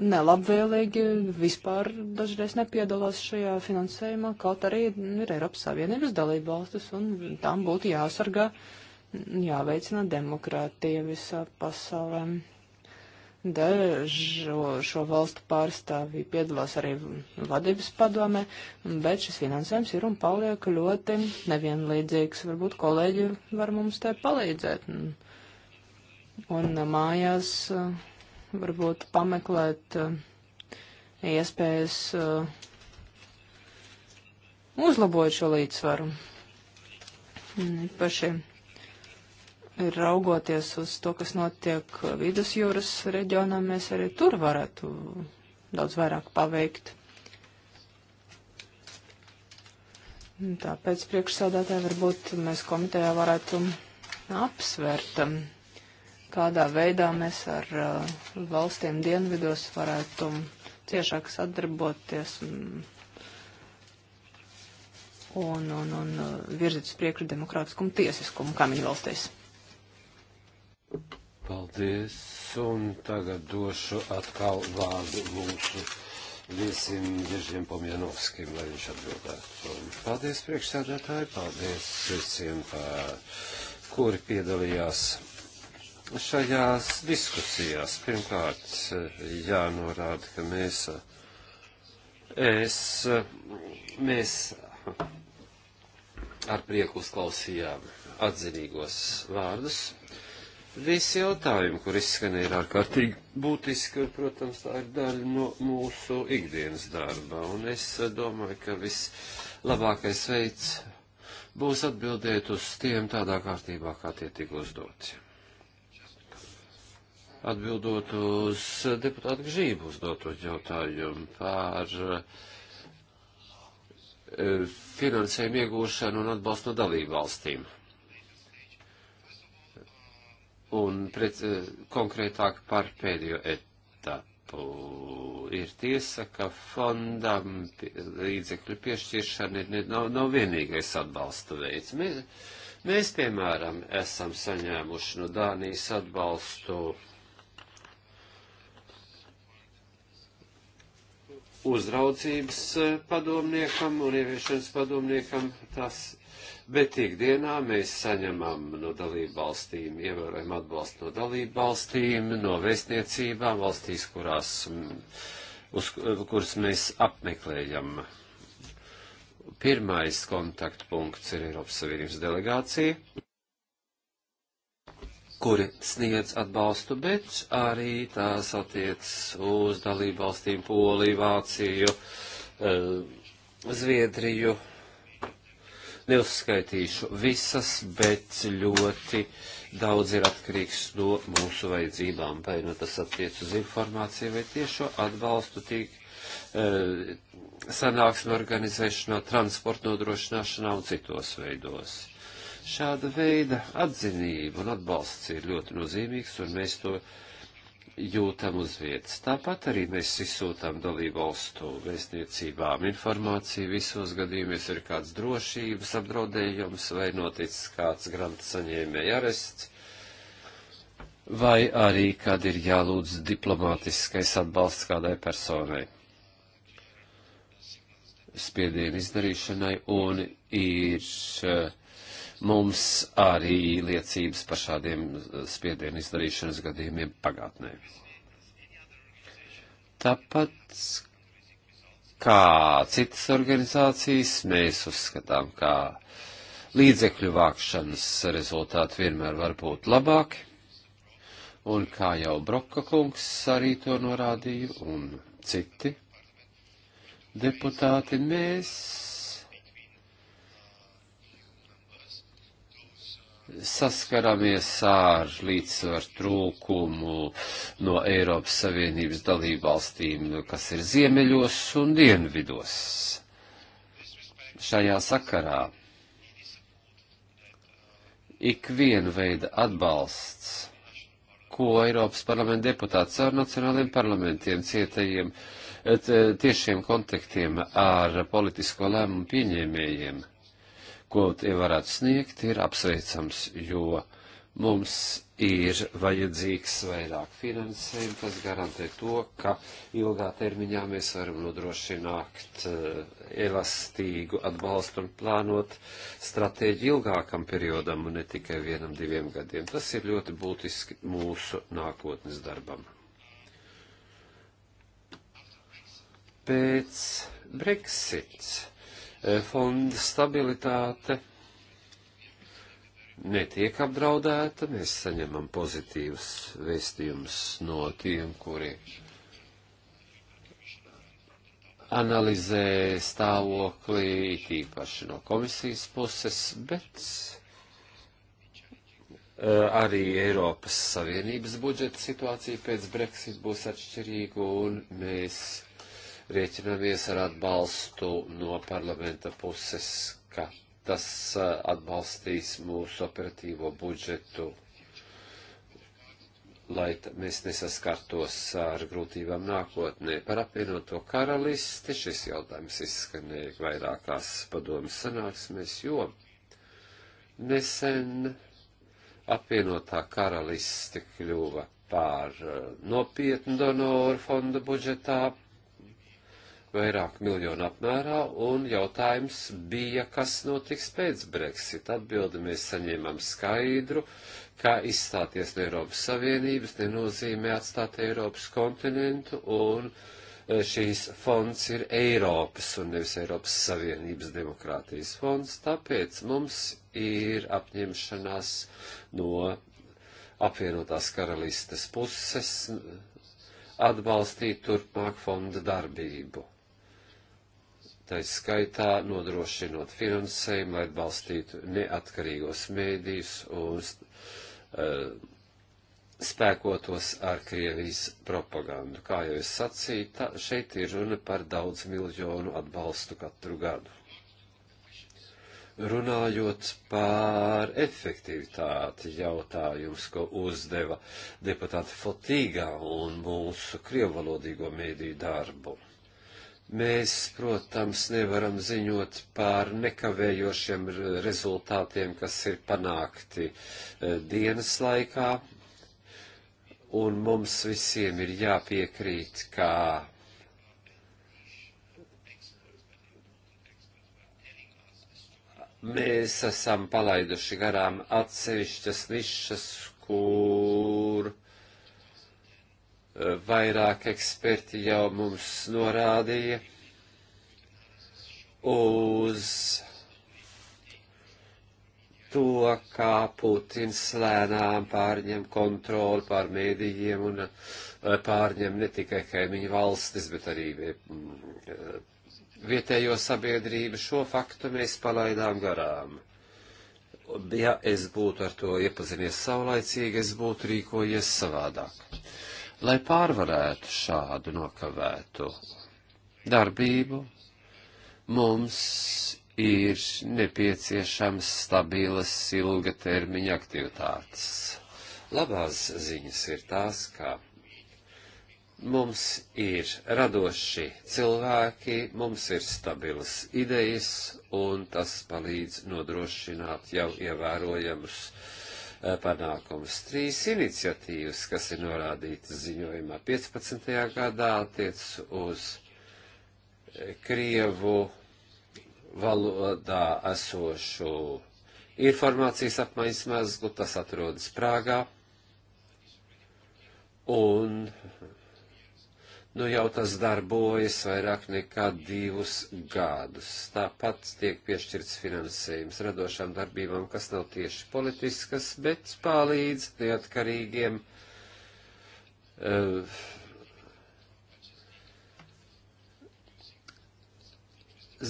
nelabvēlīgi vispār dažreiz nepiedalās šajā finansējumā, kaut arī ir Eiropas Savienības dalība valstis, un tām būtu jāsargā, jāveicina demokrātija visā pasaulē. Dažo šo valstu pārstāvji piedalās arī vadības padomē, bet šis finansējums ir un paliek ļoti nevienlīdzīgs. Varbūt kolēģi var mums te palīdzēt. Un, un mājās uh, varbūt pameklēt eh, iespējas eh, uzlabot šo līdzsvaru. Īpaši raugoties uz to, kas notiek vidusjūras reģionā, mēs arī tur varētu daudz vairāk paveikt. Tāpēc priekšsādātāji varbūt mēs komitejā varētu apsvērt kādā veidā mēs ar uh, valstiem dienvidos varētu ciešāk sadarboties un, un, un, un uh, virzīt uz priekšu demokrātiskumu tiesiskumu kaimiņu valstīs. Paldies, un tagad došu atkal vārdu mūsu viesim Diržiem Pomjanovskim, lai viņš atbildētu. Paldies priekšsēdētāji, paldies visiem, pār, kuri piedalījās šajās diskusijās. Pirmkārt, jānorāda, ka mēs, es, mēs ar prieku uzklausījām atzinīgos vārdus. Visi jautājumi, kur izskanēja, ir ārkārtīgi būtiski, un, protams, tā ir daļa no mūsu ikdienas darba. Un es domāju, ka vislabākais veids būs atbildēt uz tiem tādā kārtībā, kā tie tika uzdoti atbildot uz deputātu Gžību uzdoto jautājumu par e, finansējumu iegūšanu un atbalstu no dalību valstīm. Un pret, e, konkrētāk par pēdējo etapu ir tiesa, ka fondam līdzekļu piešķiršana ir, nav, nav vienīgais atbalsta veids. Mēs, mēs, piemēram, esam saņēmuši no Dānijas atbalstu uh, uzraudzības eh, padomniekam un ieviešanas padomniekam tas, bet ikdienā mēs saņemam no dalību valstīm, ievērojam atbalstu no dalību valstīm, no vēstniecībām valstīs, kurās, mm, uz, eh, kuras mēs apmeklējam. Pirmais kontaktpunkts ir Eiropas Savienības delegācija kuri sniedz atbalstu, bet arī tās attiec uz dalību valstīm Poliju, Vāciju, eh, Zviedriju. Neuzskaitīšu visas, bet ļoti daudz ir atkarīgs no mūsu vajadzībām, vai nu tas attiec uz informāciju, vai tiešo atbalstu tīk eh, sanāksmu organizēšanā, transporta nodrošināšanā un citos veidos. Šāda veida atzinība un atbalsts ir ļoti nozīmīgs, un mēs to jūtam uz vietas. Tāpat arī mēs izsūtām dalībvalstu vēstniecībām informāciju visos gadījumos, ir kāds drošības apdraudējums vai noticis kāds granta saņēmēja arests, vai arī, kad ir jālūdz diplomātiskais atbalsts kādai personai spiedienu izdarīšanai un ir uh, mums arī liecības par šādiem eh, spiedienu izdarīšanas gadījumiem pagātnē. Tāpat kā citas organizācijas, mēs uzskatām, ka līdzekļu vākšanas rezultāti vienmēr var būt labāki, un kā jau Broka kungs arī to norādīja, un citi deputāti, mēs saskaramies ar līdzsvaru trūkumu no Eiropas Savienības dalībvalstīm, kas ir ziemeļos un dienvidos. Šajā sakarā ikviena veida atbalsts, ko Eiropas parlamenta deputāts ar nacionāliem parlamentiem cietajiem tiešiem kontaktiem ar politisko lēmumu pieņēmējiem ko tie varētu sniegt, ir apsveicams, jo mums ir vajadzīgs vairāk finansējumu, kas garantē to, ka ilgā termiņā mēs varam nodrošināt eh, elastīgu atbalstu un plānot stratēģiju ilgākam periodam un ne tikai vienam, diviem gadiem. Tas ir ļoti būtiski mūsu nākotnes darbam. Pēc Brexits E, fonda stabilitāte netiek apdraudēta, mēs saņemam pozitīvus vēstījumus no tiem, kuri analizē stāvokli, tīpaši no komisijas puses, bet e, arī Eiropas Savienības budžeta situācija pēc Brexit būs atšķirīga un mēs rēķinamies ar atbalstu no parlamenta puses, ka tas uh, atbalstīs mūsu operatīvo budžetu, lai mēs nesaskartos ar grūtībām nākotnē. Par apvienoto karalisti šis jautājums izskanēja vairākās padomas sanāksmēs, jo nesen apvienotā karalisti kļuva par uh, nopietnu donoru fonda budžetā vairāk miljonu apmērā, un jautājums bija, kas notiks pēc Brexit. Atbildi mēs saņēmām skaidru, ka izstāties no Eiropas Savienības nenozīmē atstāt Eiropas kontinentu, un e, šīs fonds ir Eiropas un nevis Eiropas Savienības demokrātijas fonds, tāpēc mums ir apņemšanās no apvienotās karalistes puses atbalstīt turpmāk fonda darbību tai skaitā nodrošinot finansējumu, lai atbalstītu neatkarīgos mēdījus un uh, spēkotos ar Krievijas propagandu. Kā jau es sacīju, tā, šeit ir runa par daudz miljonu atbalstu katru gadu. Runājot par efektivitāti jautājums, ko uzdeva deputāti Fotīgā un mūsu krievvalodīgo mēdīju darbu. Mēs, protams, nevaram ziņot par nekavējošiem rezultātiem, kas ir panākti e, dienas laikā, un mums visiem ir jāpiekrīt, kā mēs esam palaiduši garām atsevišķas nišas, kur uh, vairāk eksperti jau mums norādīja uz to, kā Putins lēnām pārņem kontroli pār mēdījiem un eh, pārņem ne tikai kaimiņu valstis, bet arī mm, vietējo sabiedrību. Šo faktu mēs palaidām garām. Ja es būtu ar to iepazinies saulaicīgi, es būtu rīkojies savādāk lai pārvarētu šādu nokavētu darbību, mums ir nepieciešams stabilas ilgatermiņa aktivitātes. Labās ziņas ir tās, ka mums ir radoši cilvēki, mums ir stabilas idejas, un tas palīdz nodrošināt jau ievērojamus uh, Eh, panākumus. Trīs iniciatīvas, kas ir norādītas ziņojumā 15. gadā, attiec uz eh, Krievu valodā esošu informācijas apmaiņas mezglu, tas atrodas Prāgā. Un Nu jau tas darbojas vairāk nekā divus gadus. Tāpat tiek piešķirts finansējums radošām darbībām, kas nav tieši politiskas, bet palīdz neatkarīgiem uh,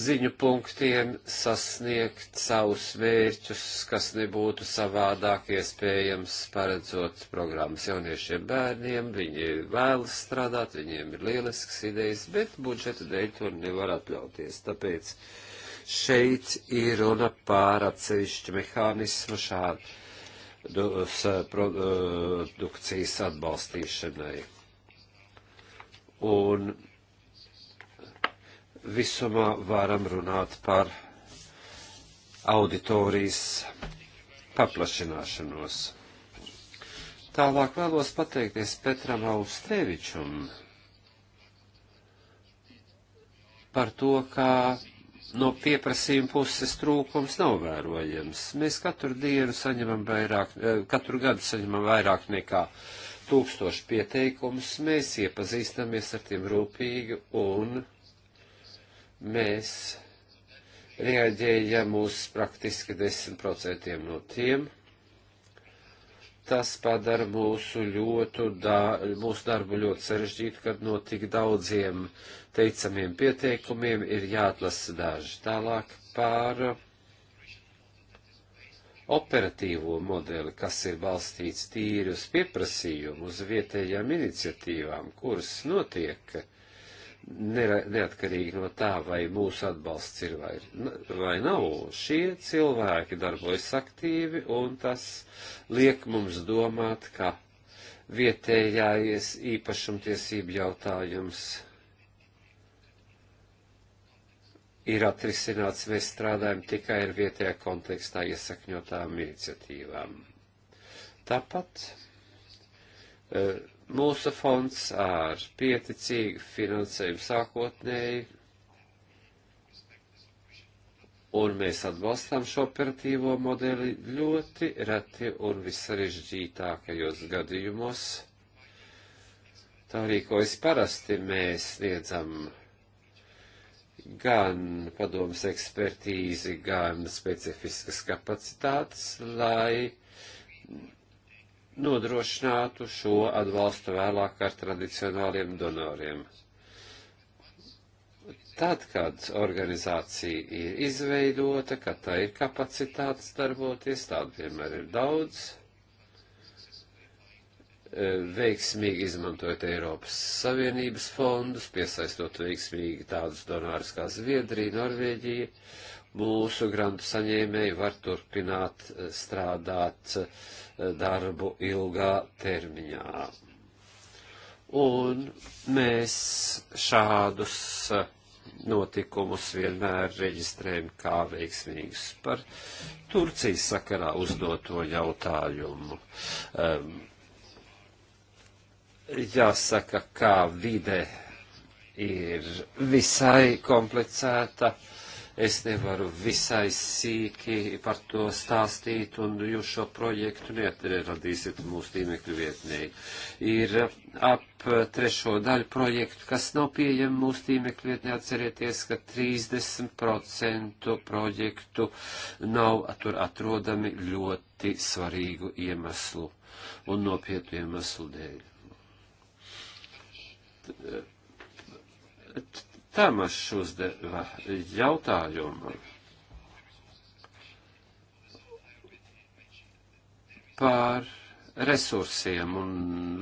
ziņu punktiem sasniegt savus mērķus, kas nebūtu savādāk iespējams paredzot programmas jauniešiem bērniem. Viņi vēlas strādāt, viņiem ir lielisks idejas, bet budžeta dēļ to nevar atļauties. Tāpēc šeit ir runa pār atsevišķu mehānismu šādas e, produkcijas atbalstīšanai. Un visumā varam runāt par auditorijas paplašināšanos. Tālāk vēlos pateikties Petram Austevičam par to, kā no pieprasījuma puses trūkums nav vērojams. Mēs katru dienu saņemam vairāk, eh, katru gadu saņemam vairāk nekā tūkstoši pieteikumus, mēs iepazīstamies ar tiem rūpīgi un mēs reaģējam uz praktiski 10% no tiem. Tas padara mūsu, ļoti, da, mūsu darbu ļoti sarežģītu, kad no tik daudziem teicamiem pieteikumiem ir jāatlasa daži. Tālāk par operatīvo modeli, kas ir balstīts tīri uz pieprasījumu, uz vietējām iniciatīvām, kuras notiek neatkarīgi no tā, vai mūsu atbalsts ir vai, vai nav. Šie cilvēki darbojas aktīvi, un tas liek mums domāt, ka vietējājies īpašumtiesību jautājums ir atrisināts, mēs strādājam tikai ar vietējā kontekstā iesakņotām iniciatīvām. Tāpat eh, Mūsu fonds ar pieticīgu finansējumu sākotnēji, un mēs atbalstām šo operatīvo modeli ļoti reti un visarežģītākajos gadījumos. Tā rīkojas parasti mēs sniedzam gan padomas ekspertīzi, gan specifiskas kapacitātes, lai nodrošinātu šo atbalstu vēlāk ar tradicionāliem donoriem. Tad, kad organizācija ir izveidota, kad tā ir kapacitātes darboties, tādu vienmēr ir daudz, e, veiksmīgi izmantojot Eiropas Savienības fondus, piesaistot veiksmīgi tādus donārus kā Zviedrija, Norvēģija, mūsu grantu saņēmēji var turpināt eh, strādāt eh, darbu ilgā termiņā. Un mēs šādus eh, notikumus vienmēr reģistrējam kā veiksmīgus par Turcijas sakarā uzdoto jautājumu. Um, jāsaka, kā vide ir visai komplicēta. Uh, Es nevaru visai sīki par to stāstīt, un jūs šo projektu neatradīsiet mūsu tīmekļu vietnē. Ir ap trešo daļu projektu, kas nav pieejama mūsu tīmekļu vietnē. Atcerieties, ka 30% projektu nav tur atrodami ļoti svarīgu iemeslu un nopietnu iemeslu dēļ Tamašs uzdeva jautājumu par resursiem un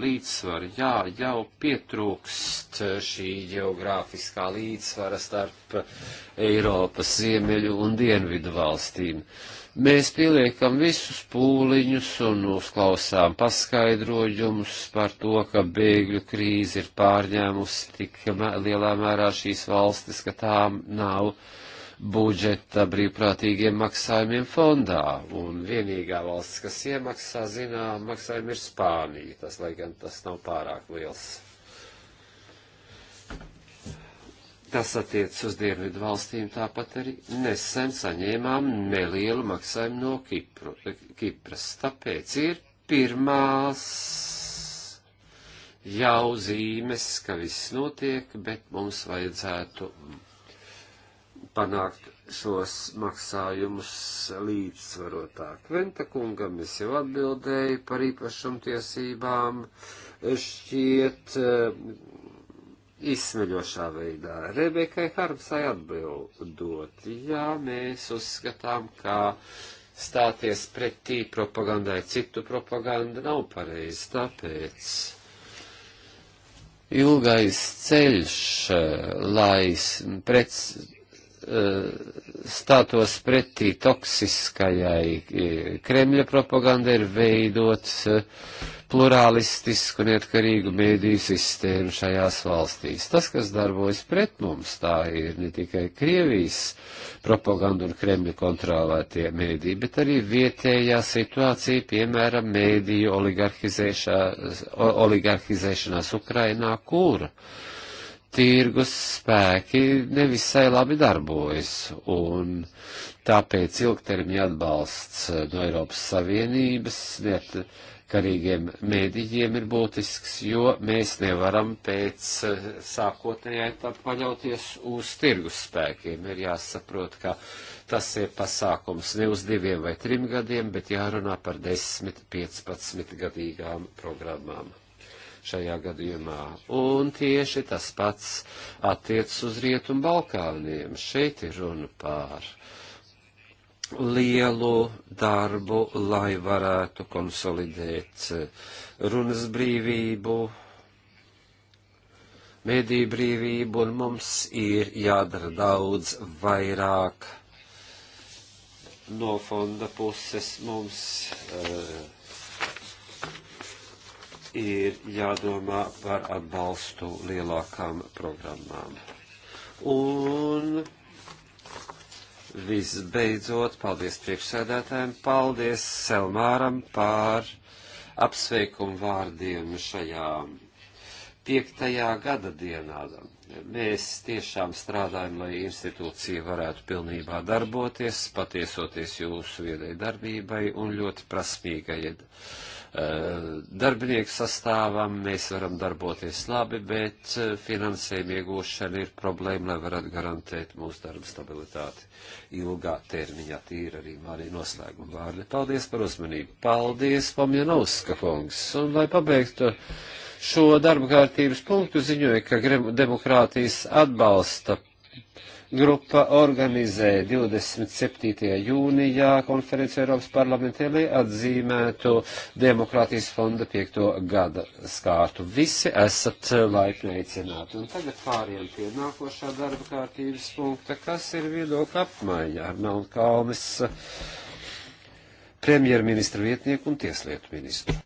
līdzsvaru. Jā, jau pietrūkst šī geogrāfiskā līdzsvara starp Eiropas ziemeļu un dienvidu valstīm. Uh, mēs pieliekam visus pūliņus un uzklausām paskaidrojumus par to, ka bēgļu krīze ir pārņēmusi tik lielā mērā šīs valstis, ka tām nav budžeta brīvprātīgiem maksājumiem fondā, un vienīgā valsts, kas iemaksā, zinām, maksājumi ir Spānija, tas, lai gan tas nav pārāk liels Tas attiecas uz Dienvidu valstīm, tāpat arī nesen saņēmām nelielu maksājumu no Kipru, Kipras. Tāpēc ir pirmās jau zīmes, ka viss notiek, bet mums vajadzētu panākt šos maksājumus līdzsvarotāk. Venta kungam es jau atbildēju par īpašumtiesībām. Šķiet, izsmeļošā veidā. Rebekai Harmsai atbildot, jā, mēs uzskatām, ka stāties pretī propagandai citu propagandu nav pareizi, tāpēc ilgais ceļš, eh, lai prets Eh, stātos pretī toksiskajai eh, Kremļa propagandai ir veidot eh, plurālistisku un ietkarīgu mēdīju sistēmu šajās valstīs. Tas, kas darbojas pret mums, tā ir ne tikai Krievijas propaganda un Kremļa kontrolētie mēdī, bet arī vietējā situācija, piemēram, mēdīju oligarhizēšanās Ukrainā, kura tirgus spēki nevisai labi darbojas, un tāpēc ilgtermiņa atbalsts eh, no Eiropas Savienības neatkarīgiem mēdījiem ir būtisks, jo mēs nevaram pēc eh, sākotnējā etapa paļauties uz tirgus spēkiem. Ir jāsaprot, ka tas ir pasākums ne uz diviem vai trim gadiem, bet jārunā par 10-15 gadīgām programmām šajā gadījumā. Un tieši tas pats attiec uz Rietumu Balkāniem. Šeit ir runa pār lielu darbu, lai varētu konsolidēt eh, runas brīvību, mediju brīvību, un mums ir jādara daudz vairāk no fonda puses mums. Uh, ir jādomā par atbalstu lielākām programmām. Un visbeidzot, paldies priekšsēdētājiem, paldies Selmāram par apsveikumu vārdiem šajā piektajā gada dienā. Mēs tiešām strādājam, lai institūcija varētu pilnībā darboties, patiesoties jūsu viedai darbībai un ļoti prasmīgai Eh, darbinieku sastāvam, mēs varam darboties labi, bet eh, finansējuma iegūšana ir problēma, lai varētu garantēt mūsu darba stabilitāti ilgā termiņā. Tīri arī mani noslēguma vārdi. Paldies par uzmanību. Paldies, Pamjanovska kungs. Un lai pabeigtu šo darba kārtības punktu, ziņoja, ka demokrātijas atbalsta grupa organizē 27. jūnijā konferenci Eiropas parlamentē, lai atzīmētu Demokrātijas fonda 5. gada skārtu. Visi esat laipni aicināti. Un tagad pāriem pie nākošā darba kārtības punkta, kas ir viedokļa apmaiņa ar Melnkalnes premjerministra vietnieku un tieslietu ministru.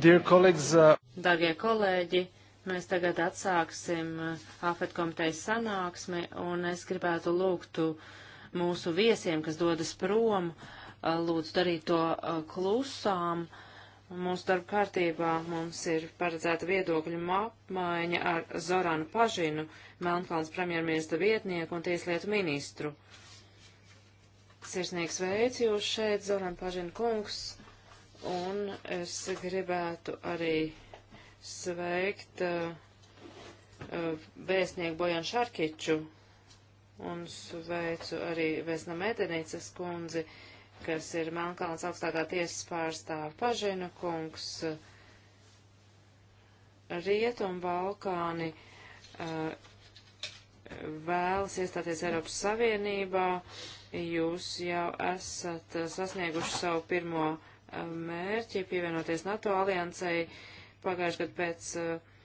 Uh, Dargie kolēģi, mēs tagad atsāksim uh, AFET komitejas sanāksmi, un es gribētu lūgtu mūsu viesiem, kas dodas prom, uh, lūdzu darīt to klusām. Mūsu darba kārtībā mums ir paredzēta viedokļu apmaiņa ar Zoranu Pažinu, Melnkalns premjerministra vietnieku un tieslietu ministru. Sirsnīgs veids jūs šeit, Zoran Pažina kungs Un es gribētu arī sveikt eh, eh, vēstnieku Bojan Šarkiču un sveicu arī Vesna Medenīcas kundzi, kas ir Melnkalnas augstākā tiesas pārstāva Pažina kungs. Eh, Rietum Balkāni vēlas iestāties Eiropas Savienībā. Jūs jau esat sasnieguši savu pirmo mērķi pievienoties NATO aliansai pagājuši gadu pēc uh,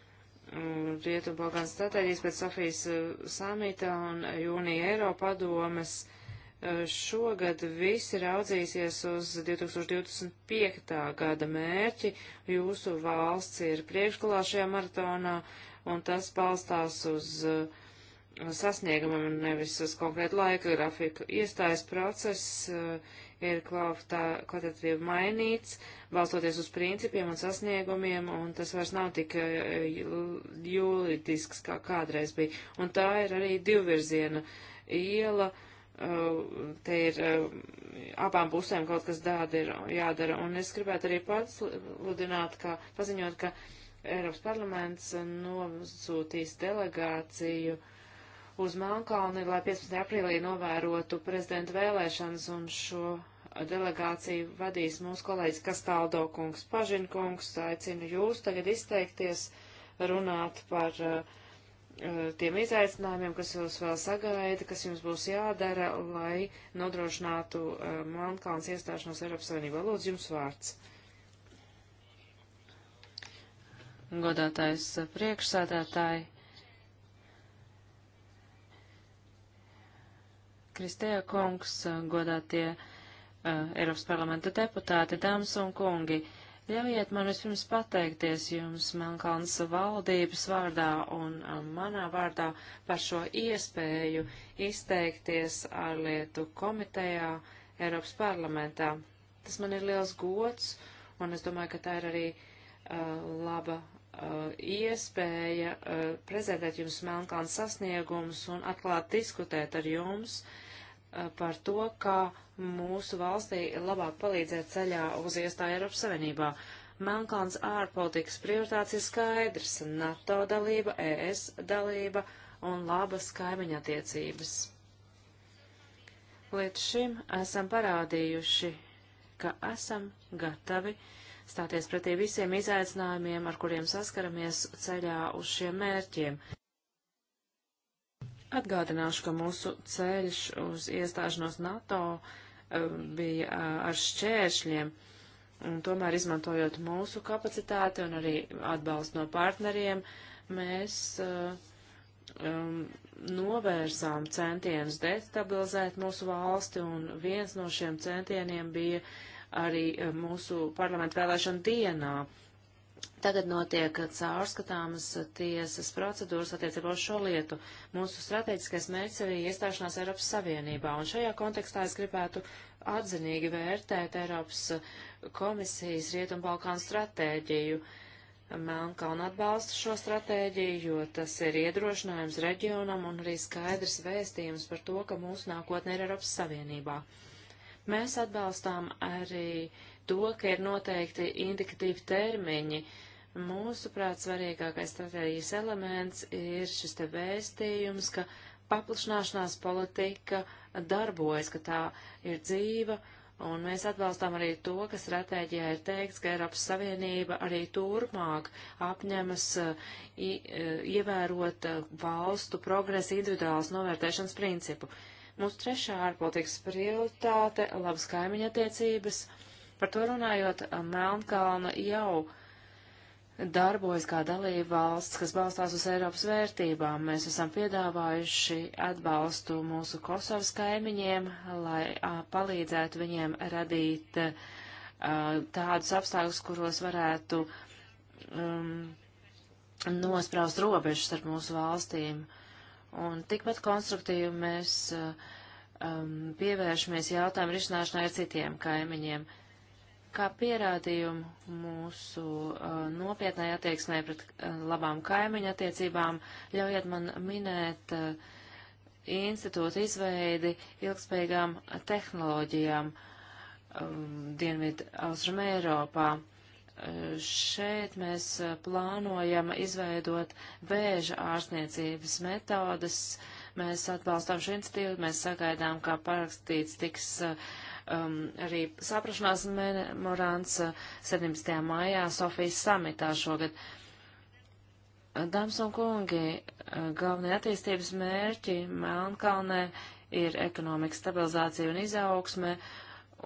mm, Rietumbalkāns stratēģijas pēc Sofijas uh, samita un jūnija Eiropa padomes. Uh, šogad visi raudzīsies uz 2025. gada mērķi. Jūsu valsts ir priekšgalā šajā maratonā, un tas balstās uz sasniegumam, nevis uz konkrētu laika grafiku. Iestājas process ir kvalitatīvi mainīts, balstoties uz principiem un sasniegumiem, un tas vairs nav tik e, jūlitisks, kā kādreiz bija. Un tā ir arī divvirziena iela. E, te ir e, abām pusēm kaut kas dāda, jādara, un es gribētu arī pats ludināt, ka paziņot, ka Eiropas parlaments nosūtīs delegāciju uh, uz Melnkalni, lai 15. aprīlī novērotu prezidenta vēlēšanas, un šo delegāciju vadīs mūsu kolēģis Kastaldo kungs. Pažinkungs, aicinu jūs tagad izteikties, runāt par uh, tiem izaicinājumiem, kas jūs vēl sagaida, kas jums būs jādara, lai nodrošinātu uh, eh, Melnkalns iestāšanos Eiropas Savienībā. Lūdzu, jums vārds. Godātais priekšsādātāji, Kristēja kungs, godātie uh, Eiropas parlamenta deputāti, dāmas un kungi, ļaujiet man vispirms pateikties jums Melnkalnas valdības vārdā un um, manā vārdā par šo iespēju izteikties ārlietu komitejā Eiropas parlamentā. Tas man ir liels gods, un es domāju, ka tā ir arī uh, laba Uh, iespēja uh, prezentēt jums Melnkalnas sasniegumus un atklāt diskutēt ar jums Eh, par to, kā mūsu valstī labāk palīdzēt ceļā uz iestāju Eiropas Savienībā. Melnkalns ārpolitikas prioritāts ir skaidrs - NATO dalība, ES dalība un labas kaimiņa attiecības. Līdz šim esam parādījuši, ka esam gatavi stāties pretī visiem izaicinājumiem, ar kuriem saskaramies ceļā uz šiem mērķiem. Atgādināšu, ka mūsu ceļš uz iestāšanos NATO eh, bija eh, ar šķēršļiem, un tomēr izmantojot mūsu kapacitāti un arī atbalstu no partneriem, mēs eh, um, novērsām centienus destabilizēt mūsu valsti, un viens no šiem centieniem bija arī mūsu parlamentu vēlēšana dienā uh, Tagad notiek caurskatāmas tiesas procedūras attiecībā uz šo lietu. Mūsu strateģiskais mērķis arī iestāšanās Eiropas Savienībā, un šajā kontekstā es gribētu atzinīgi vērtēt Eiropas komisijas Rietumbalkānu stratēģiju. Melnkalna atbalsta šo stratēģiju, jo tas ir iedrošinājums reģionam un arī skaidrs vēstījums par to, ka mūsu nākotne ir Eiropas Savienībā. Mēs atbalstām arī uh, to, ka ir noteikti indikatīvi termiņi. Mūsuprāt, svarīgākais stratēģijas elements ir šis te vēstījums, ka paplašināšanās politika darbojas, ka tā ir dzīva, un mēs atbalstām arī to, ka stratēģijā ir teikts, ka Eiropas Savienība arī turpmāk apņemas uh, uh, ievērot uh, valstu progresa individuālas novērtēšanas principu. Mūsu trešā ārpolitikas prioritāte - labas kaimiņa attiecības. Par to runājot, Melnkalna jau darbojas kā dalība valsts, kas balstās uz Eiropas vērtībām. Mēs esam piedāvājuši atbalstu mūsu Kosovas kaimiņiem, lai a, palīdzētu viņiem radīt a, tādus apstākļus, kuros varētu um, nospraust robežas ar mūsu valstīm. Un tikpat konstruktīvi mēs um, pievēršamies jautājumu risināšanai ar citiem kaimiņiem. Uh, kā pierādījumu mūsu uh, nopietnai attieksmē pret uh, labām kaimiņu attiecībām, ļaujiet man minēt uh, institūtu izveidi ilgspējīgām tehnoloģijām um, Dienvidu Austrum Eiropā. Uh, šeit mēs uh, plānojam izveidot vēža ārstniecības metodas. Mēs atbalstām šo institīvu, mēs sagaidām, kā parakstīts tiks uh, um, arī saprašanās memorāns 17. Uh, maijā Sofijas samitā šogad. Dāmas un kungi, uh, galvenie attīstības mērķi Melnkalnē ir ekonomika stabilizācija un izaugsme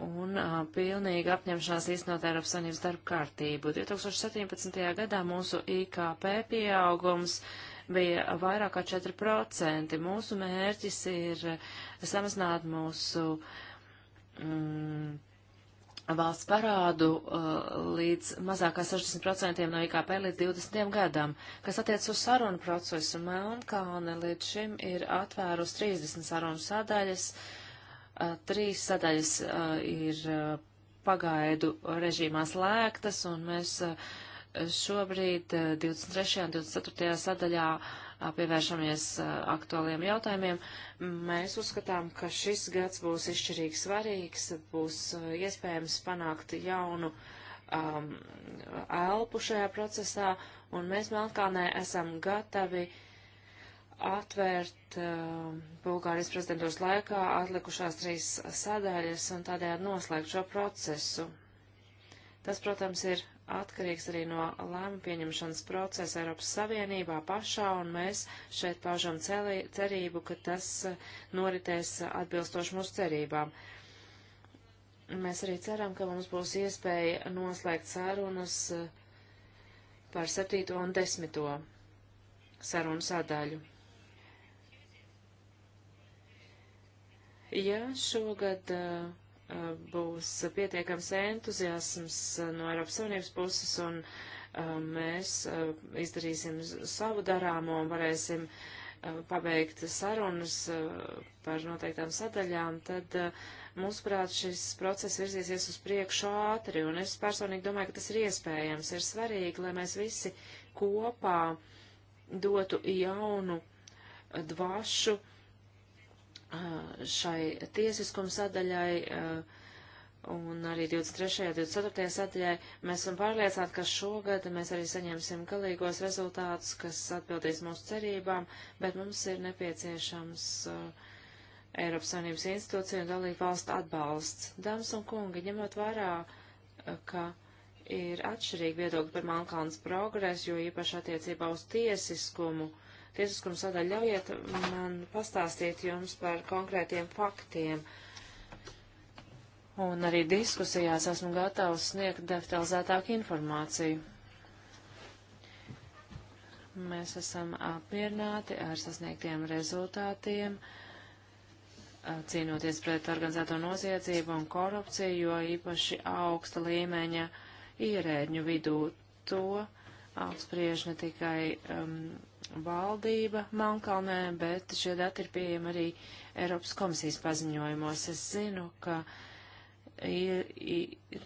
un uh, pilnīga apņemšanās īstenot Eiropas Savienības darba kārtību. 2017. gadā mūsu IKP pieaugums bija vairāk kā 4%. Mūsu mērķis ir samazināt mūsu uh, mm, valsts parādu uh, līdz mazākā 60% no IKP līdz 20 gadam, kas attiec uz sarunu procesu. Melnkalne līdz šim ir atvērus 30 sarunu sadaļas, uh, trīs sadaļas uh, ir uh, pagaidu režīmā slēgtas, un mēs uh, šobrīd 23. Uh, un 24. sadaļā pievēršamies aktuāliem jautājumiem. Mēs uzskatām, ka šis gads būs izšķirīgi svarīgs, būs iespējams panākt jaunu um, elpu šajā procesā, un mēs Melkānē esam gatavi atvērt uh, Bulgārijas prezidentūras laikā atlikušās trīs sadaļas un tādējādi noslēgt šo procesu. Tas, protams, ir atkarīgs arī no lēmu pieņemšanas procesa Eiropas Savienībā pašā, un mēs šeit paužam cerību, ka tas eh, noritēs atbilstoši mūsu cerībām. Mēs arī ceram, ka mums būs iespēja noslēgt sarunas eh, par 7. un 10. sarunu sadaļu. Ja šogad uh, būs pietiekams entuziasms no Eiropas Savienības puses un um, mēs uh, izdarīsim savu darāmo un varēsim uh, pabeigt sarunas uh, par noteiktām sadaļām, tad, mūsuprāt, šis process virzīsies uz priekšu ātri, un es personīgi domāju, ka tas ir iespējams. Ir svarīgi, lai mēs visi kopā dotu jaunu dvašu uh, šai tiesiskuma sadaļai un arī 23. un 24. sadaļai. Mēs esam pārliecināti, ka šogad mēs arī saņemsim galīgos rezultātus, kas atbildīs mūsu cerībām, bet mums ir nepieciešams Eiropas Savienības institūcija un dalību valstu atbalsts. Dāmas un kungi, ņemot vērā, ka ir atšķirīgi viedokļi par Melnkalnas progresu, jo īpaši attiecībā uz tiesiskumu. Uh, tiesiskuma sadaļu, ļaujiet man pastāstīt jums par konkrētiem faktiem. Un arī diskusijās esmu gatavs sniegt detalizētāku informāciju. Mēs esam apmierināti ar sasniegtiem rezultātiem, cīnoties pret organizēto noziedzību un korupciju, jo īpaši augsta līmeņa ierēģņu vidū to, apspriež ne tikai um, valdība Melnkalnē, bet šie dati ir pieejami arī Eiropas komisijas paziņojumos. Es zinu, ka ir,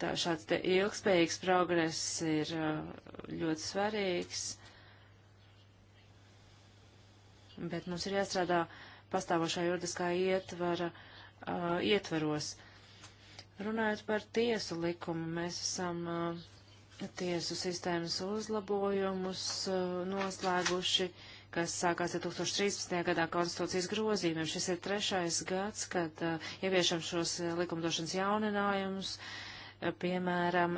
tā, šāds te ilgspējīgs progress ir uh, ļoti svarīgs, bet mums ir jāstrādā pastāvošā juridiskā ietvara uh, ietvaros. Runājot par tiesu likumu, mēs esam uh, tiesu sistēmas uzlabojumus uh, noslēguši, kas sākās 2013. gadā konstitūcijas grozījumiem. Šis ir trešais gads, kad uh, ieviešam šos uh, likumdošanas jauninājumus. Piemēram,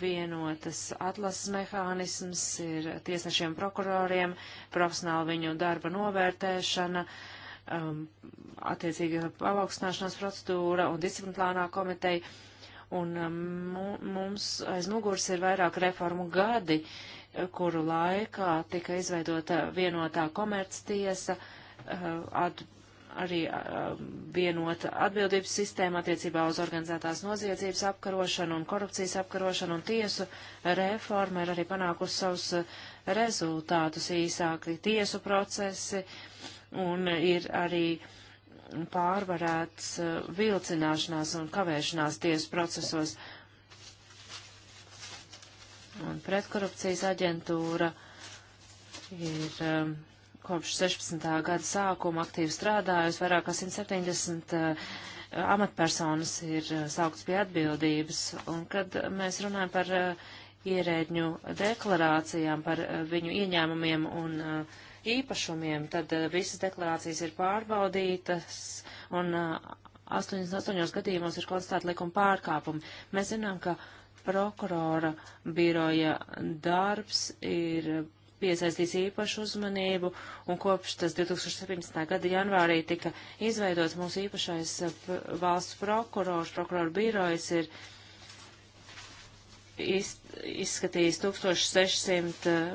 vienotas atlases mehānisms ir tiesnešiem prokuroriem, profesionāli viņu darba novērtēšana, um, attiecīga pavaugstināšanās procedūra un disciplinārā komiteja Un um, mums aiz muguras ir vairāk reformu gadi, uh, kuru laikā tika izveidota vienotā komerctiesa, uh, at, arī um, vienota atbildības sistēma attiecībā uz organizētās noziedzības apkarošanu un korupcijas apkarošanu un tiesu reforma ir arī panākusi savus uh, rezultātus īsāki tiesu procesi un ir arī uh, pārvarēts eh, vilcināšanās un kavēšanās tiesu procesos. Un pretkorupcijas aģentūra ir um, kopš 16. gada sākuma aktīvi strādājusi, vairāk kā 170 uh, eh, amatpersonas ir uh, saukts pie atbildības. Un kad mēs runājam par uh, ierēģņu deklarācijām, par viņu ieņēmumiem un uh, īpašumiem, tad eh, visas deklarācijas ir pārbaudītas un 88 eh, gadījumos ir konstatēta likuma pārkāpumi. Mēs zinām, ka prokurora biroja darbs ir piesaistīs īpašu uzmanību, un kopš tas 2017. gada janvārī tika izveidots mūsu īpašais eh, valsts prokurors, prokuroru birojas ir iz, izskatījis 1615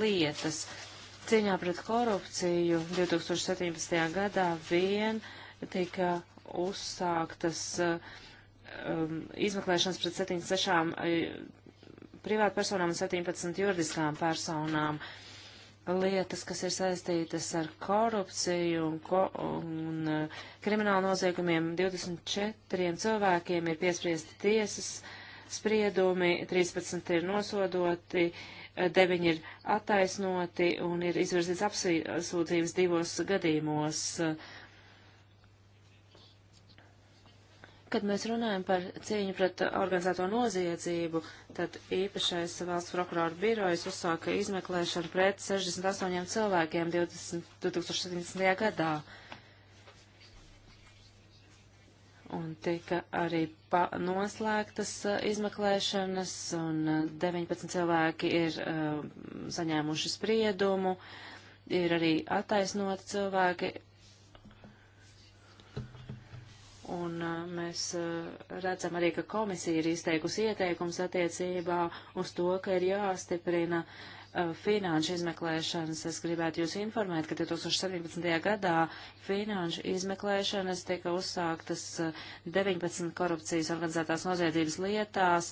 lietas. Cīņā pret korupciju 2017. gadā vien tika uzsāktas um, izmeklēšanas pret 76 eh, privātpersonām un 17 juridiskām personām lietas, kas ir saistītas ar korupciju un, ko, un eh, kriminālu noziegumiem. 24 cilvēkiem ir piespriesti tiesas spriedumi, 13 ir nosodoti, deviņi ir attaisnoti un ir izvirzīts apsūdzības divos gadījumos. Kad mēs runājam par cīņu pret organizēto noziedzību, tad īpašais valsts prokurora birojas uzsāka izmeklēšanu pret 68 cilvēkiem 20, 2017. gadā. un tika arī noslēgtas uh, izmeklēšanas, un uh, 19 cilvēki ir uh, saņēmuši spriedumu, ir arī attaisnoti cilvēki, un uh, mēs uh, redzam arī, ka komisija ir izteikusi ieteikums attiecībā uz to, ka ir jāstiprina uh, Uh, finanšu izmeklēšanas. Es gribētu jūs informēt, ka 2017. gadā finanšu izmeklēšanas tika uzsāktas 19 uh, korupcijas organizētās noziedzības lietās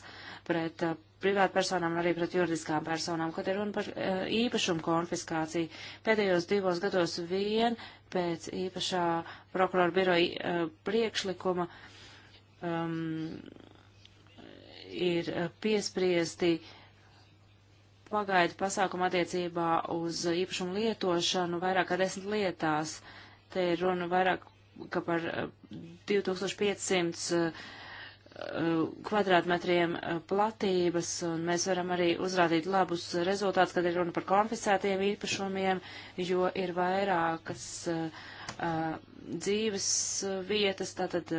pret uh, privātpersonām un arī pret juridiskām personām, kad ir runa par īpašumu konfiskāciju. Pēdējos divos gados vien pēc īpašā prokurora biroja priekšlikuma um, ir piespriesti uh, pagaidu pasākumu attiecībā uz īpašumu lietošanu vairāk kā desmit lietās. Te ir runa vairāk kā par 2500 eh, eh, kvadrātmetriem eh, platības, un mēs varam arī uzrādīt labus rezultātus, kad ir runa par konfiscētiem īpašumiem, jo ir vairākas uh, dzīves vietas, tātad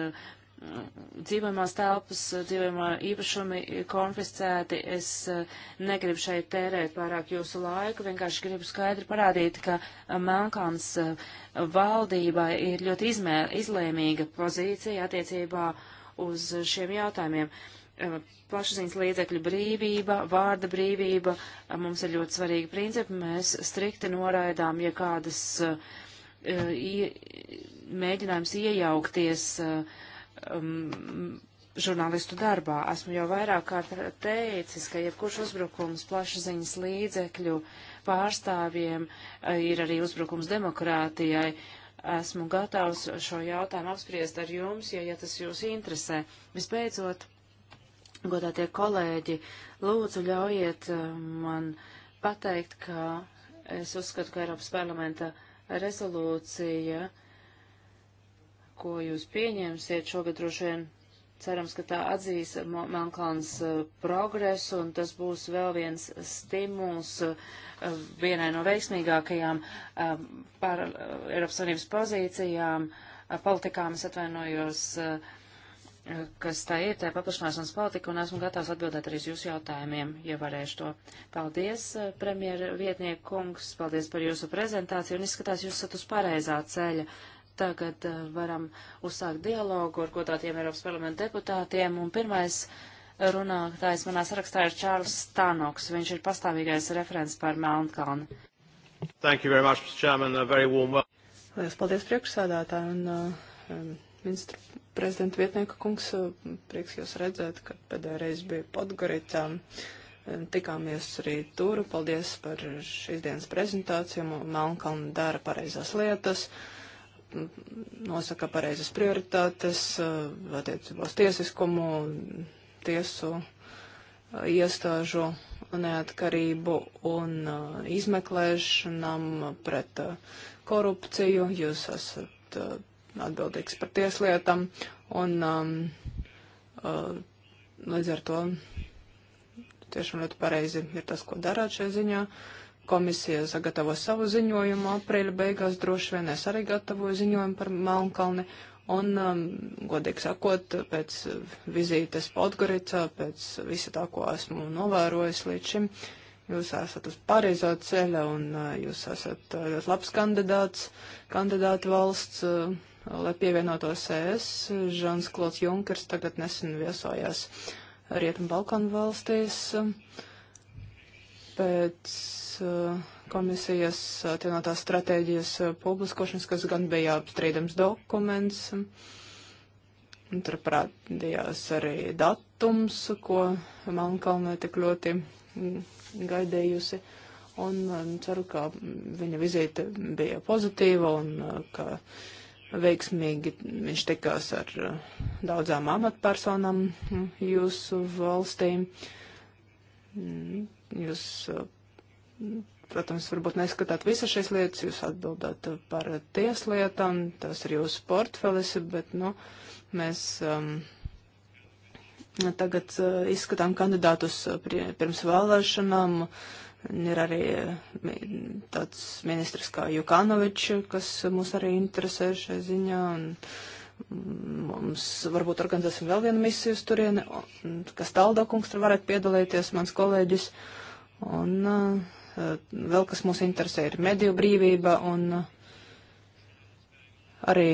dzīvojamās telpas, dzīvojamā īpašumi konfiscēti. Es eh, negribu šeit tērēt pārāk jūsu laiku, vienkārši gribu skaidri parādīt, ka eh, Melnkāns eh, valdībai ir ļoti izmē, izlēmīga pozīcija attiecībā uz šiem jautājumiem. Plašsaziņas līdzekļu brīvība, vārda brīvība mums ir ļoti svarīgi principi. Mēs strikti noraidām, ja kādas mēģinājums iejaukties uh, um, žurnālistu darbā. Esmu jau vairāk kārt teicis, ka jebkurš uzbrukums plašsaziņas līdzekļu pārstāvjiem uh, ir arī uzbrukums demokrātijai. Esmu gatavs šo jautājumu apspriest ar jums, ja, ja tas jūs interesē. Vispēcot, godātie kolēģi, lūdzu ļaujiet uh, man pateikt, ka es uzskatu, ka Eiropas parlamenta rezolūcija uh, ko jūs pieņemsiet šogad droši vien. Cerams, ka tā atzīs Melnkalns uh, progresu, un tas būs vēl viens stimuls uh, vienai no veiksmīgākajām um, par uh, Eiropas Savienības pozīcijām, politikām, es atvainojos, kas tā ir, tā ir paplašanāšanas politika, un esmu gatavs atbildēt arī uz jūsu jautājumiem, ja varēšu to. Paldies, premjera vietnieku kungs, paldies par jūsu prezentāciju, un izskatās, jūs esat uz pareizā ceļa Tagad uh, varam uzsākt dialogu ar godātiem Eiropas parlamenta deputātiem. Un pirmais runātājs manā sarakstā ir Čārls Stanoks. Viņš ir pastāvīgais referents par Melnkalnu. Thank you very much, Mr. Chairman. A very warm welcome. Lielas paldies priekšsādātāju un uh, ministru prezidenta vietnieka kungs. Uh, prieks jūs redzēt, ka pēdējā reize bija Podgoritā. Uh, tikāmies arī tur. Paldies par šīs dienas prezentāciju. Melnkalna dara pareizās lietas. Uh, nosaka pareizas prioritātes eh, attiecībā uz tiesiskumu, tiesu eh, iestāžu neatkarību un eh, izmeklēšanām pret korupciju. Jūs esat atbildīgs par tieslietām un ehm, līdz ar to tiešām ļoti pareizi ir tas, ko darāt šajā ziņā. Uh, komisija sagatavo savu ziņojumu aprīļa beigās, droši vien es arī gatavoju ziņojumu par Melnkalni. Un, um, godīgi sakot, pēc vizītes Podgoricā, pēc visa tā, ko esmu novērojis līdz šim, jūs esat uz pareizo ceļa un uh, jūs esat uh, ļoti labs kandidāts, kandidāta valsts, uh, lai pievienotos ES. Žans Klods Junkers tagad nesen viesojās Rietumu Balkanu valstīs. Uh, pēc eh, komisijas atjaunotās stratēģijas publiskošanas, kas gan bija apstrīdams dokuments. Tur parādījās arī datums, ko Melnkalnē tik ļoti gaidījusi. Un eh, ceru, ka viņa vizīte bija pozitīva un eh, ka veiksmīgi viņš tikās ar daudzām amatpersonām jūsu valstīm. Uh, Mm. Jūs, eh, protams, varbūt neskatāt visas šīs lietas, jūs atbildāt eh, par tieslietām, tas ir jūsu portfelis, bet, nu, mēs um, tagad uh, izskatām kandidātus pirms vēlēšanām. Ir arī tāds ministrs kā Jukanovičs, kas mūs arī interesē šai ziņā. Un, uh, Mums varbūt organizēsim vēl vienu misiju uz turieni, kas Taldo kungs tur varētu piedalīties, mans kolēģis. Un uh, vēl kas mūs interesē ir mediju brīvība un uh, arī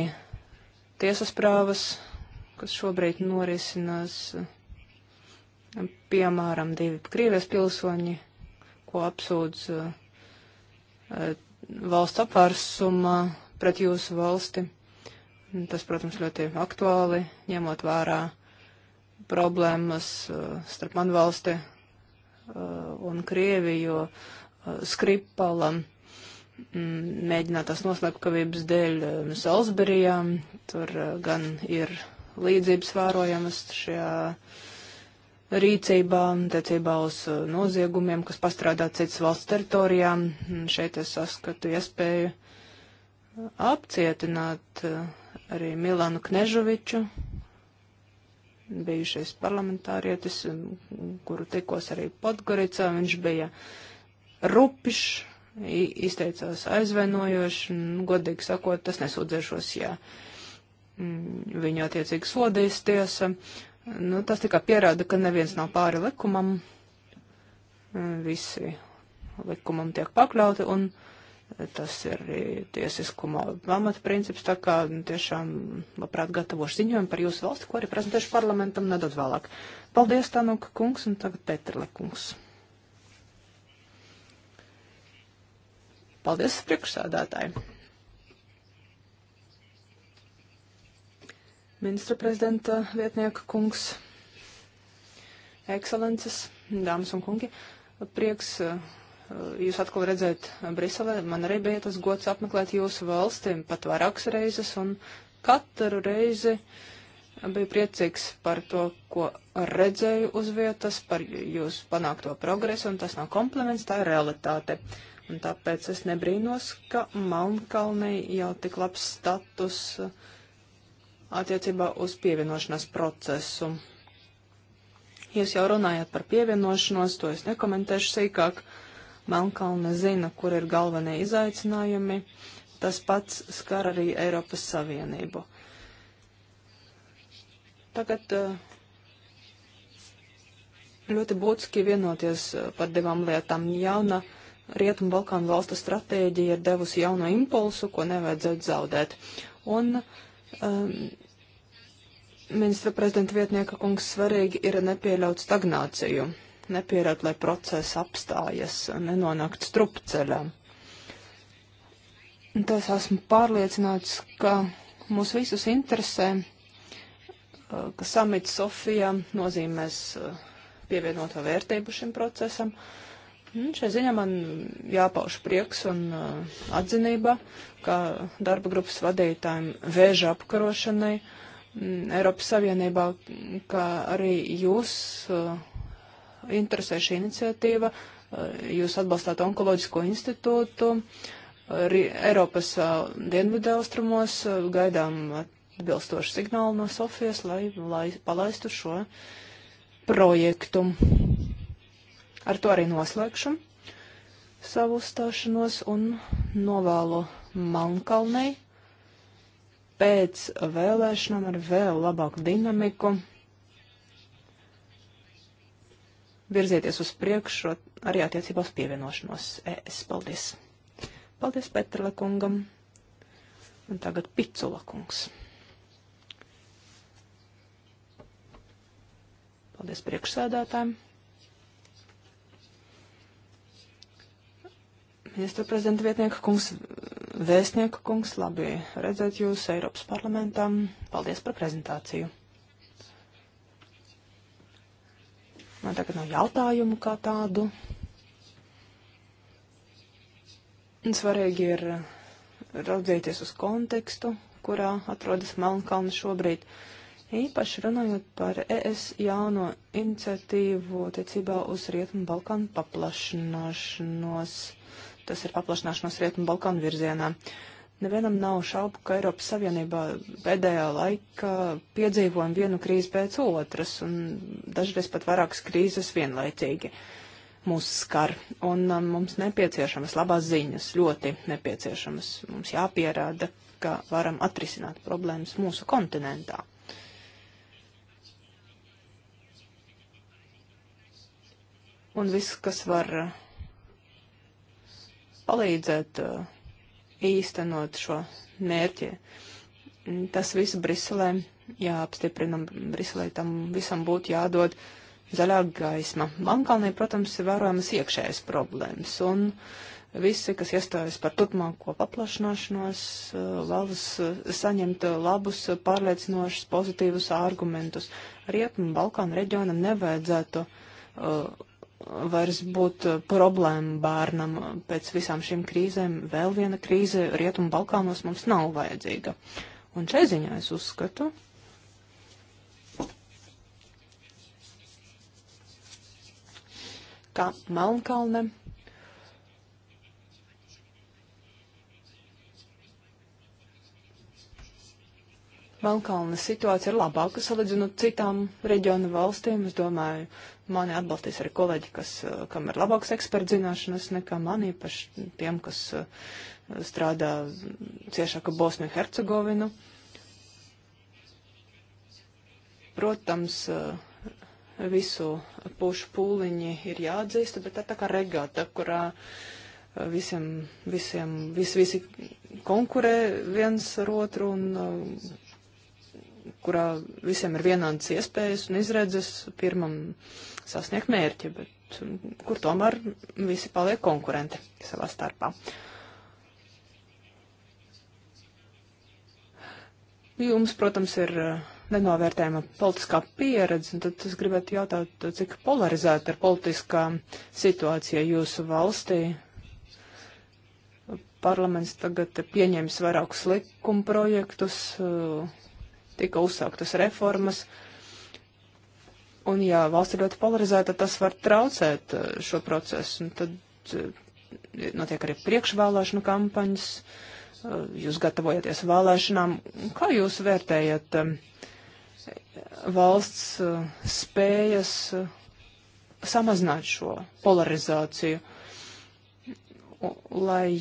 tiesas prāvas, kas šobrīd norisinās. Piemēram, divi Krievijas pilsoņi, ko apsūdz uh, valsts apvērsuma pret jūsu valsti. Tas, protams, ļoti aktuāli, ņemot vērā problēmas uh, starp manvalsti uh, un Krieviju, uh, Skripalam mm, mēģinātās noslēpkavības dēļ Salisburijā. Tur gan ir līdzības vērojamas šajā rīcībā, attiecībā uz noziegumiem, kas pastrādā citas valsts teritorijā. Mm, šeit es saskatu iespēju apcietināt arī Milanu Knežoviču, bijušais parlamentārietis, kuru tikos arī Podgoricā. Viņš bija rupišs, izteicās aizvainojoši, un, godīgi sakot, tas nesūdzēšos, ja mm, viņu attiecīgi sodīs tiesa. Nu, tas tikai pierāda, ka neviens nav pāri likumam, visi likumam tiek pakļauti, un Tas ir arī tiesiskuma pamatprincips, tā kā tiešām labprāt gatavošu ziņojumu par jūsu valsti, ko arī prezentēšu parlamentam nedaudz vēlāk. Paldies, Tanuka kungs, un tagad Petrle kungs. Paldies priekšsādātāji. Ministra prezidenta vietnieka kungs, ekscelences, dāmas un kungi, prieks jūs atkal redzēt Briselē. Man arī bija tas gods apmeklēt jūsu valsti pat vairākas reizes, un katru reizi biju priecīgs par to, ko redzēju uz vietas, par jūsu panākto progresu, un tas nav kompliments, tā ir realitāte. Un tāpēc es nebrīnos, ka Malmkalnei jau tik labs status attiecībā uz pievienošanās procesu. Jūs jau runājāt par pievienošanos, to es nekomentēšu sīkāk. Uh, Melnkalne zina, kur ir galvenie izaicinājumi. Tas pats skar arī Eiropas Savienību. Tagad eh, ļoti būtiski vienoties eh, par divām lietām. Jauna Rietumu Balkānu valstu stratēģija ir devusi jauno impulsu, ko nevajadzētu zaudēt. Un um, ministra prezidenta vietnieka kungs svarīgi ir nepieļaut stagnāciju nepierēt, lai process apstājas, nenonākt strupceļā. Tas esmu pārliecināts, ka mūs visus interesē, uh, ka samits Sofija nozīmēs uh, pievienoto vērtību šim procesam. Un šai ziņā man jāpauž prieks un uh, atzinība, ka darba grupas vadītājiem vēža apkarošanai m, mm, Eiropas Savienībā, ka arī jūs uh, interesē šī iniciatīva. Eh, jūs atbalstāt onkoloģisko institūtu. Arī eh, Eiropas eh, dienvidu austrumos gaidām atbilstošu signālu no Sofijas, lai, lai palaistu šo projektu. Ar to arī noslēgšu savu uzstāšanos un novēlu Mankalnei pēc vēlēšanām ar vēl labāku dinamiku. virzieties uz priekšu arī attiecībā uz pievienošanos ES. Paldies! Paldies Petrila kungam! Un tagad Picula kungs. Paldies priekšsēdētājiem! Ministra prezidenta vietnieka kungs, vēstnieka kungs, labi redzēt jūs Eiropas parlamentām. Paldies par prezentāciju! Man tagad nav jautājumu kā tādu. Un svarīgi ir raudzīties uz kontekstu, kurā atrodas Melnkalna šobrīd. Īpaši runājot par ES jauno iniciatīvu attiecībā uz Rietumu Balkānu paplašināšanos. Tas ir paplašināšanos Rietumu Balkānu virzienā. Uh, Nevienam nav šaubu, ka Eiropas Savienībā pēdējā laikā piedzīvojam vienu krīzi pēc otras, un dažreiz pat vairākas krīzes vienlaicīgi mūs skar. Un um, mums nepieciešamas labās ziņas, ļoti nepieciešamas. Mums jāpierāda, ka varam atrisināt problēmas mūsu kontinentā. Un viss, kas var uh, palīdzēt. Uh, īstenot šo mērķi. Tas viss Briselē jāapstiprina, Briselē tam visam būtu jādod zaļā gaisma. Mankalnī, protams, ir vērojamas iekšējas problēmas, un visi, kas iestājas par turpmāko paplašināšanos, vēlas saņemt labus, pārliecinošus, pozitīvus argumentus. Rietumu Balkānu reģionam nevajadzētu uh, vairs būt eh, problēma bērnam pēc visām šīm krīzēm. Vēl viena krīze Rietumu Balkānos mums nav vajadzīga. Un šai ziņā es uzskatu, ka Melnkalne Melnkalnes situācija ir labāka salīdzinot citām reģiona valstīm. Es domāju, mani atbalstīs arī kolēģi, kas, eh, kam ir labāks eksperts zināšanas nekā man, īpaši tiem, kas eh, strādā ciešāk ar Bosniju Hercegovinu. Protams, eh, visu pušu pūliņi ir jāatzīst, bet tā tā kā regata, kurā visiem, visiem, visi, visi konkurē viens ar otru un kurā visiem ir vienādas iespējas un izredzes pirmam sasniegt mērķi, bet kur tomēr visi paliek konkurenti savā starpā. Jums, protams, ir uh, nenovērtējama politiskā pieredze, un tad es gribētu jautāt, uh, cik polarizēta ir politiskā situācija jūsu valstī. Parlaments tagad pieņems vairākus likuma projektus, uh, tika uzsāktas reformas. Un ja valsts ir ļoti polarizēta, tas var traucēt uh, šo procesu. Un tad uh, notiek arī priekšvēlēšanu kampaņas, uh, jūs gatavojaties vēlēšanām. Kā jūs vērtējat um, valsts spējas samazināt šo polarizāciju, lai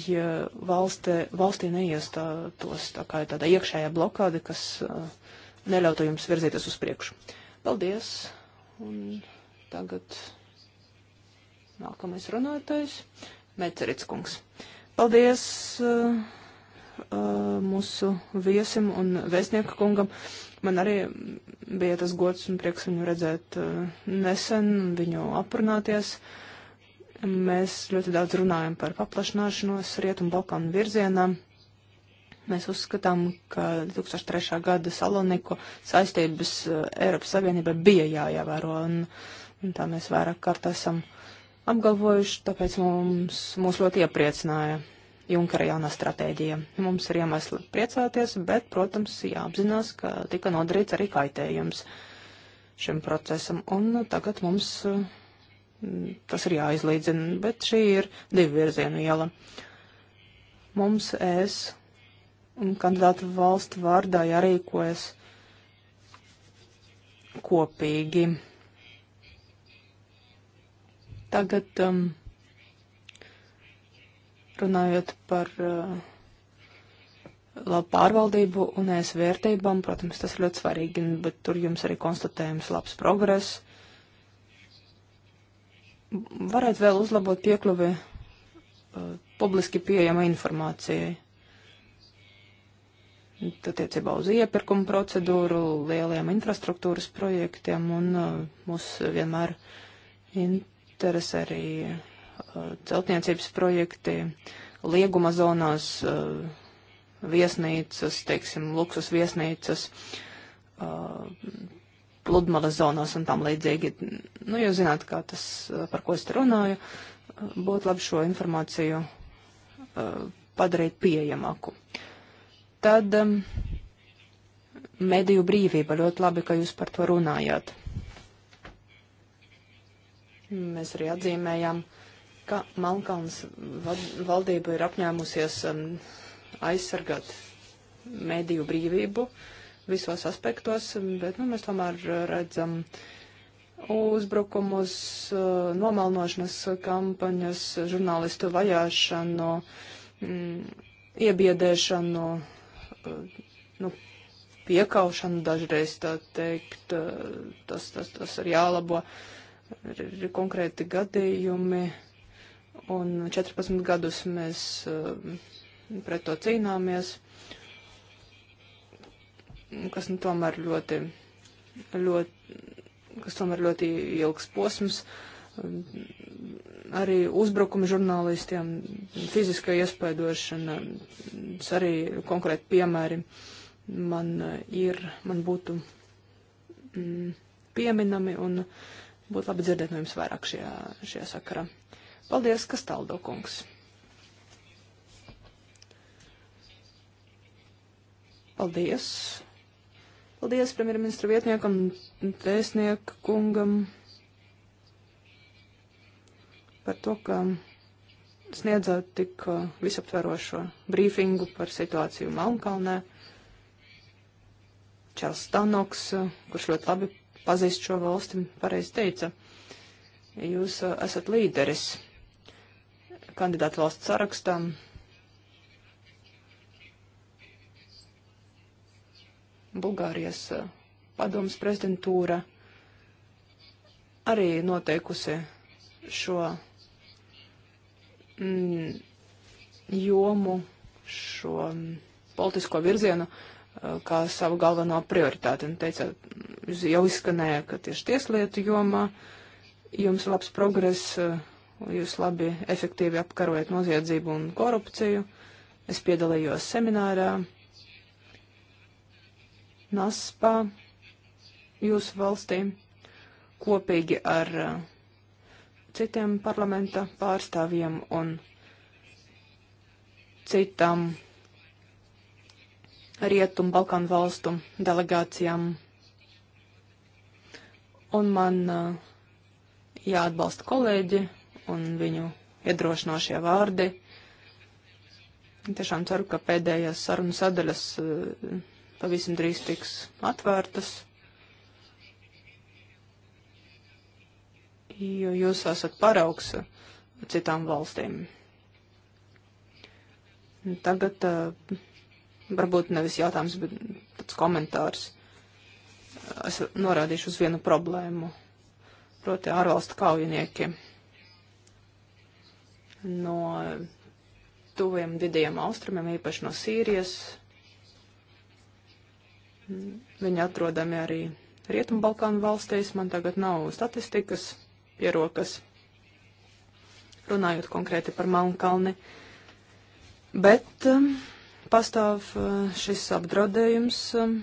valstē, valstī neiestātos tā kā tādā iekšējā blokāde, kas uh, neļautu jums virzīties uz priekšu. Paldies! Un tagad nākamais runātais - Mecerits kungs. Paldies uh, uh, mūsu viesim un vēstnieku kungam. Man arī bija tas gods un prieks viņu redzēt uh, nesen, viņu aprunāties. Mēs ļoti daudz runājam par paplašināšanos Rietumu Balkānu virzienā. Mēs uzskatām, ka 2003. gada Saloniku saistības eh, Eiropas Savienībai bija jāievēro, un, un tā mēs vairāk kārt esam apgalvojuši, tāpēc mums, mūs ļoti iepriecināja Junkara jaunā stratēģija. Mums ir iemesli priecāties, bet, protams, jāapzinās, ka tika nodarīts arī kaitējums šim procesam, un tagad mums eh, tas ir jāizlīdzina, bet šī ir divu virzienu iela. Mums es kandidātu valstu vārdā jārīkojas kopīgi. Tagad um, runājot par uh, labu pārvaldību un es vērtībām, protams, tas ir ļoti svarīgi, bet tur jums arī konstatējums labs progress. Varētu vēl uzlabot piekļuvi uh, publiski pieejama informācijai attiecībā uz iepirkumu procedūru, lieliem infrastruktūras projektiem, un uh, mūs vienmēr interesē arī uh, celtniecības projekti, lieguma zonās, uh, viesnīcas, teiksim, luksus viesnīcas, pludmales zonās un tam līdzīgi. Nu, jūs zināt, kā tas, par ko es te runāju, būtu labi šo informāciju padarīt pieejamāku. Uh, Tad um, mediju brīvība ļoti labi, ka jūs par to runājāt. Mēs arī atzīmējām, ka Malkalnas valdība ir apņēmusies um, aizsargāt mediju brīvību visos aspektos, um, bet nu, mēs tomēr redzam uzbrukumus, uh, nomalnošanas kampaņas, žurnālistu vajāšanu, mm, iebiedēšanu, nu, piekaušanu dažreiz tā teikt, tas, tas, tas ir jālabo. Ir, ir konkrēti gadījumi, un 14 gadus mēs um, pret to cīnāmies, kas nu tomēr ļoti, ļoti, kas tomēr ļoti ilgs posms. Uh, arī uzbrukumi žurnālistiem, fiziskā iespaidošana, arī konkrēti piemēri man ir, man būtu mm, pieminami un būtu labi dzirdēt no jums vairāk šajā, šajā sakarā. Paldies, kas taldo kungs. Paldies. Paldies premjerministra vietniekam, tēsnieku kungam par to, ka sniedzot tik uh, visaptverošo brīfingu par situāciju Melnkalnē. Čels Stanoks, uh, kurš ļoti labi pazīst šo valsti, pareizi teica, jūs uh, esat līderis kandidātu valsts sarakstam. Bulgārijas padomas prezidentūra arī noteikusi šo mm, jomu, šo politisko virzienu eh, kā savu galveno prioritāti. Un teica, jau izskanēja, ka tieši tieslietu jomā jums labs progress, eh, jūs labi efektīvi apkarojat noziedzību un korupciju. Es piedalījos seminārā, NASPA, jūsu valstī, kopīgi ar uh, citiem parlamenta pārstāvjiem un citām Rietumu Balkānu valstu delegācijām. Un man uh, jāatbalsta kolēģi un viņu iedrošinošie vārdi. Tiešām ceru, ka pēdējās sarunu sadaļas uh, pavisam drīz tiks atvērtas. jo jūs esat paraugs citām valstīm. Tagad eh, varbūt nevis jautājums, bet tāds komentārs. Es norādīšu uz vienu problēmu, proti ārvalstu kaujinieki no tuviem vidiem austrumiem, īpaši no Sīrijas. Viņi atrodami arī Rietumbalkānu valstīs. Man tagad nav statistikas pie rokas, runājot konkrēti par Melnkalni. Bet um, pastāv uh, šis apdraudējums, um,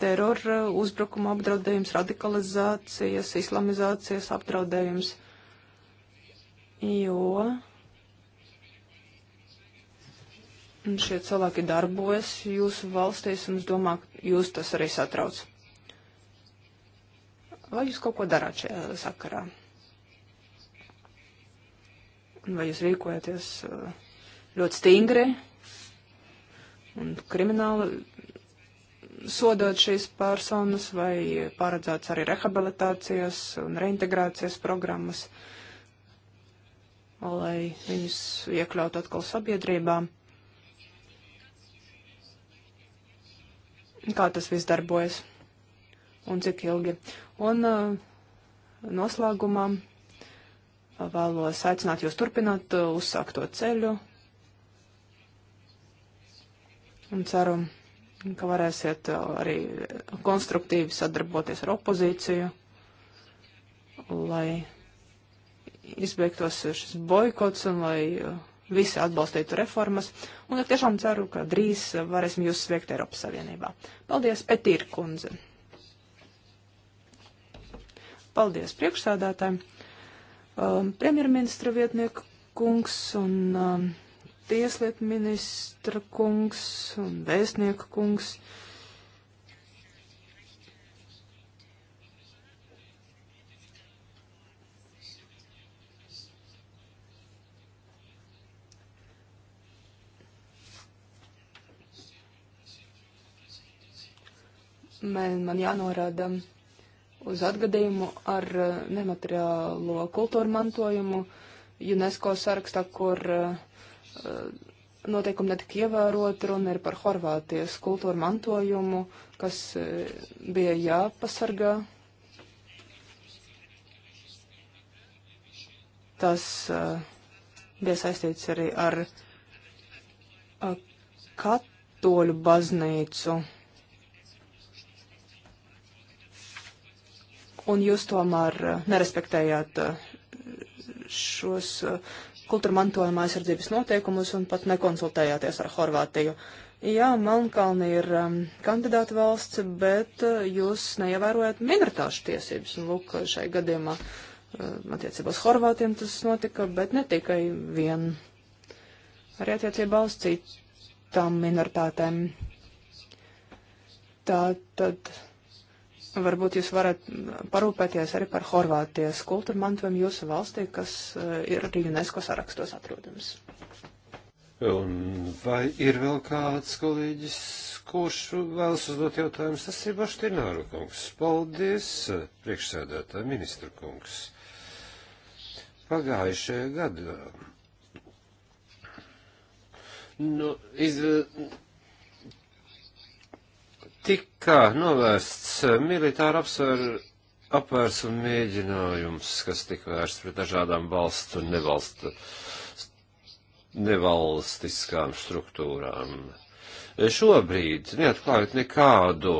terora uh, uzbrukuma apdraudējums, radikalizācijas, islamizācijas apdraudējums, jo šie cilvēki darbojas jūsu valstīs un es domāju, jūs tas arī satrauc. Vai jūs kaut ko darāt šajā sakarā? Vai jūs rīkojaties uh, ļoti stingri un krimināli sodot šīs personas, vai paredzēts arī rehabilitācijas un reintegrācijas programmas, lai viņus iekļaut atkal sabiedrībā? Kā tas viss darbojas? Un cik ilgi? Un uh, noslēgumā vēlos aicināt jūs turpināt uh, uzsākt to ceļu. Un ceru, ka varēsiet uh, arī konstruktīvi sadarboties ar opozīciju, lai izbeigtos šis boikots un lai visi atbalstītu reformas. Un es tiešām ceru, ka drīz varēsim jūs sveikt Eiropas Savienībā. Paldies, Petīra kundze! Paldies priekšsādātājiem, um, premjerministra vietnieku kungs un um, tieslietu ministra kungs un vēstnieku kungs. man, man jānorāda uz atgadījumu ar eh, nemateriālo kultūru mantojumu UNESCO sarakstā, kur eh, noteikumi netika ievēroti, runa ir par Horvātijas kultūru mantojumu, kas eh, bija jāpasargā. Tas bija saistīts arī ar katoļu baznīcu. un jūs tomēr eh, nerespektējāt eh, šos eh, kultūra mantojuma aizsardzības noteikumus un pat nekonsultējāties ar Horvātiju. Jā, Melnkalni ir um, kandidāta valsts, bet uh, jūs neievērojat minoritāšu tiesības. Un, nu, lūk, šai gadījumā uh, attiecībā uz Horvātiem tas notika, bet ne tikai vien. Arī attiecībā uz citām minoritātēm. Tā tad. tad Varbūt jūs varat parūpēties arī par Horvātijas kultūra mantojumu jūsu valstī, kas eh, ir arī UNESCO sarakstos atrodams. Un vai ir vēl kāds kolēģis, kurš vēlas uzdot jautājumus? Tas ir Baštināru kungs. Paldies, priekšsēdētāja ministra kungs. Pagājušajā gadā. Nu, iz, tika novērsts militāra apsver, apvērsuma mēģinājums, kas tika vērsts pret dažādām valstu un nevalstu, nevalstiskām struktūrām. Šobrīd neatklājot nekādu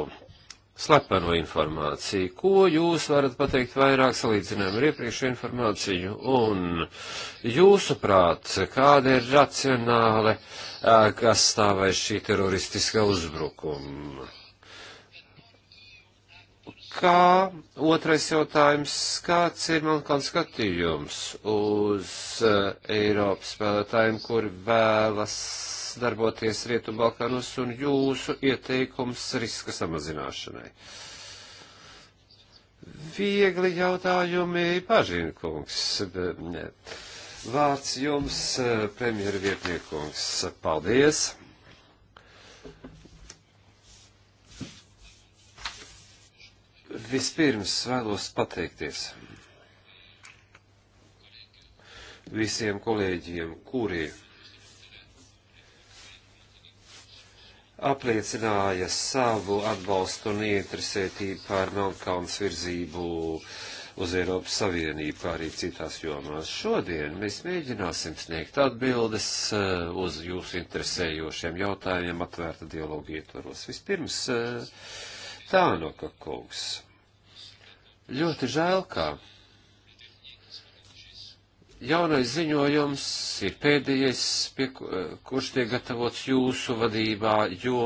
slepeno informāciju, ko jūs varat pateikt vairāk salīdzinājumu ar iepriekšēju informāciju, un jūsuprāt, kāda ir racionāle, kas stāvēs šī teroristiskā uzbrukuma? kā otrais jautājums, kāds ir Melkons skatījums uz uh, Eiropas spēlētājiem, kuri vēlas darboties Rietumbalkānos un jūsu ieteikums riska samazināšanai? Viegli jautājumi, Pažīnkungs. Eh, vārds jums, eh, premjera vietniekungs. Paldies! Vispirms vēlos pateikties visiem kolēģiem, kuri apliecināja savu atbalstu un ieinteresētību par Melnkaunas virzību uz Eiropas Savienību, kā arī citās jomās. Šodien mēs mēģināsim sniegt atbildes eh, uz jūsu interesējošiem jautājumiem atvērta dialogu ietvaros. Vispirms uh, Tānoka kungs. Ļoti žēl, ka jaunais ziņojums ir pēdējais, pie, eh, kurš tiek gatavots jūsu vadībā, jo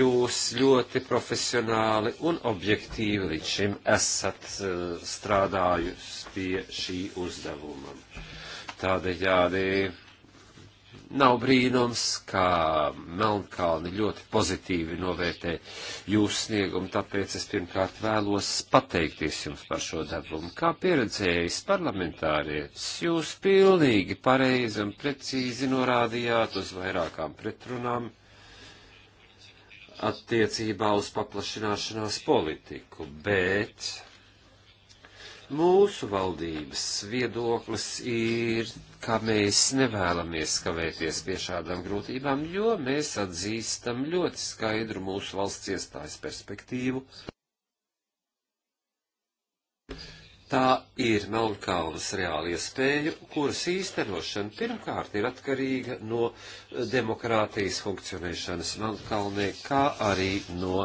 jūs ļoti profesionāli un objektīvi līdz šim esat eh, strādājusi pie šī uzdevuma. Tādējādi Nav brīnums, ka Melnkalni ļoti pozitīvi novērtē jūsu sniegumu, tāpēc es pirmkārt vēlos pateikties jums par šo devumu. Kā pieredzējis parlamentārietis, jūs pilnīgi pareizi un precīzi norādījāt uz vairākām pretrunām attiecībā uz paplašināšanās politiku, bet Mūsu valdības viedoklis ir, ka mēs nevēlamies kavēties pie šādām grūtībām, jo mēs atzīstam ļoti skaidru mūsu valsts iestājas perspektīvu. Tā ir Melnkalnes reāla iespēja, kuras īstenošana pirmkārt ir atkarīga no demokrātijas funkcionēšanas Melnkalnē, kā arī no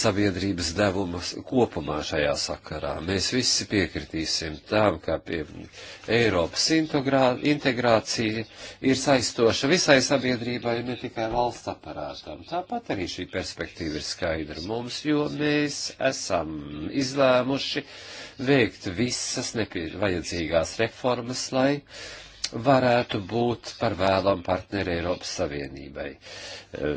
sabiedrības devuma kopumā šajā sakarā. Mēs visi piekritīsim tām, ka pie Eiropas integrācija ir saistoša visai sabiedrībai, ne tikai valsts aparātam. Tāpat arī šī perspektīva ir skaidra mums, jo mēs esam izlēmuši, veikt visas vajadzīgās reformas, lai varētu būt par vēlam partneri Eiropas Savienībai. E,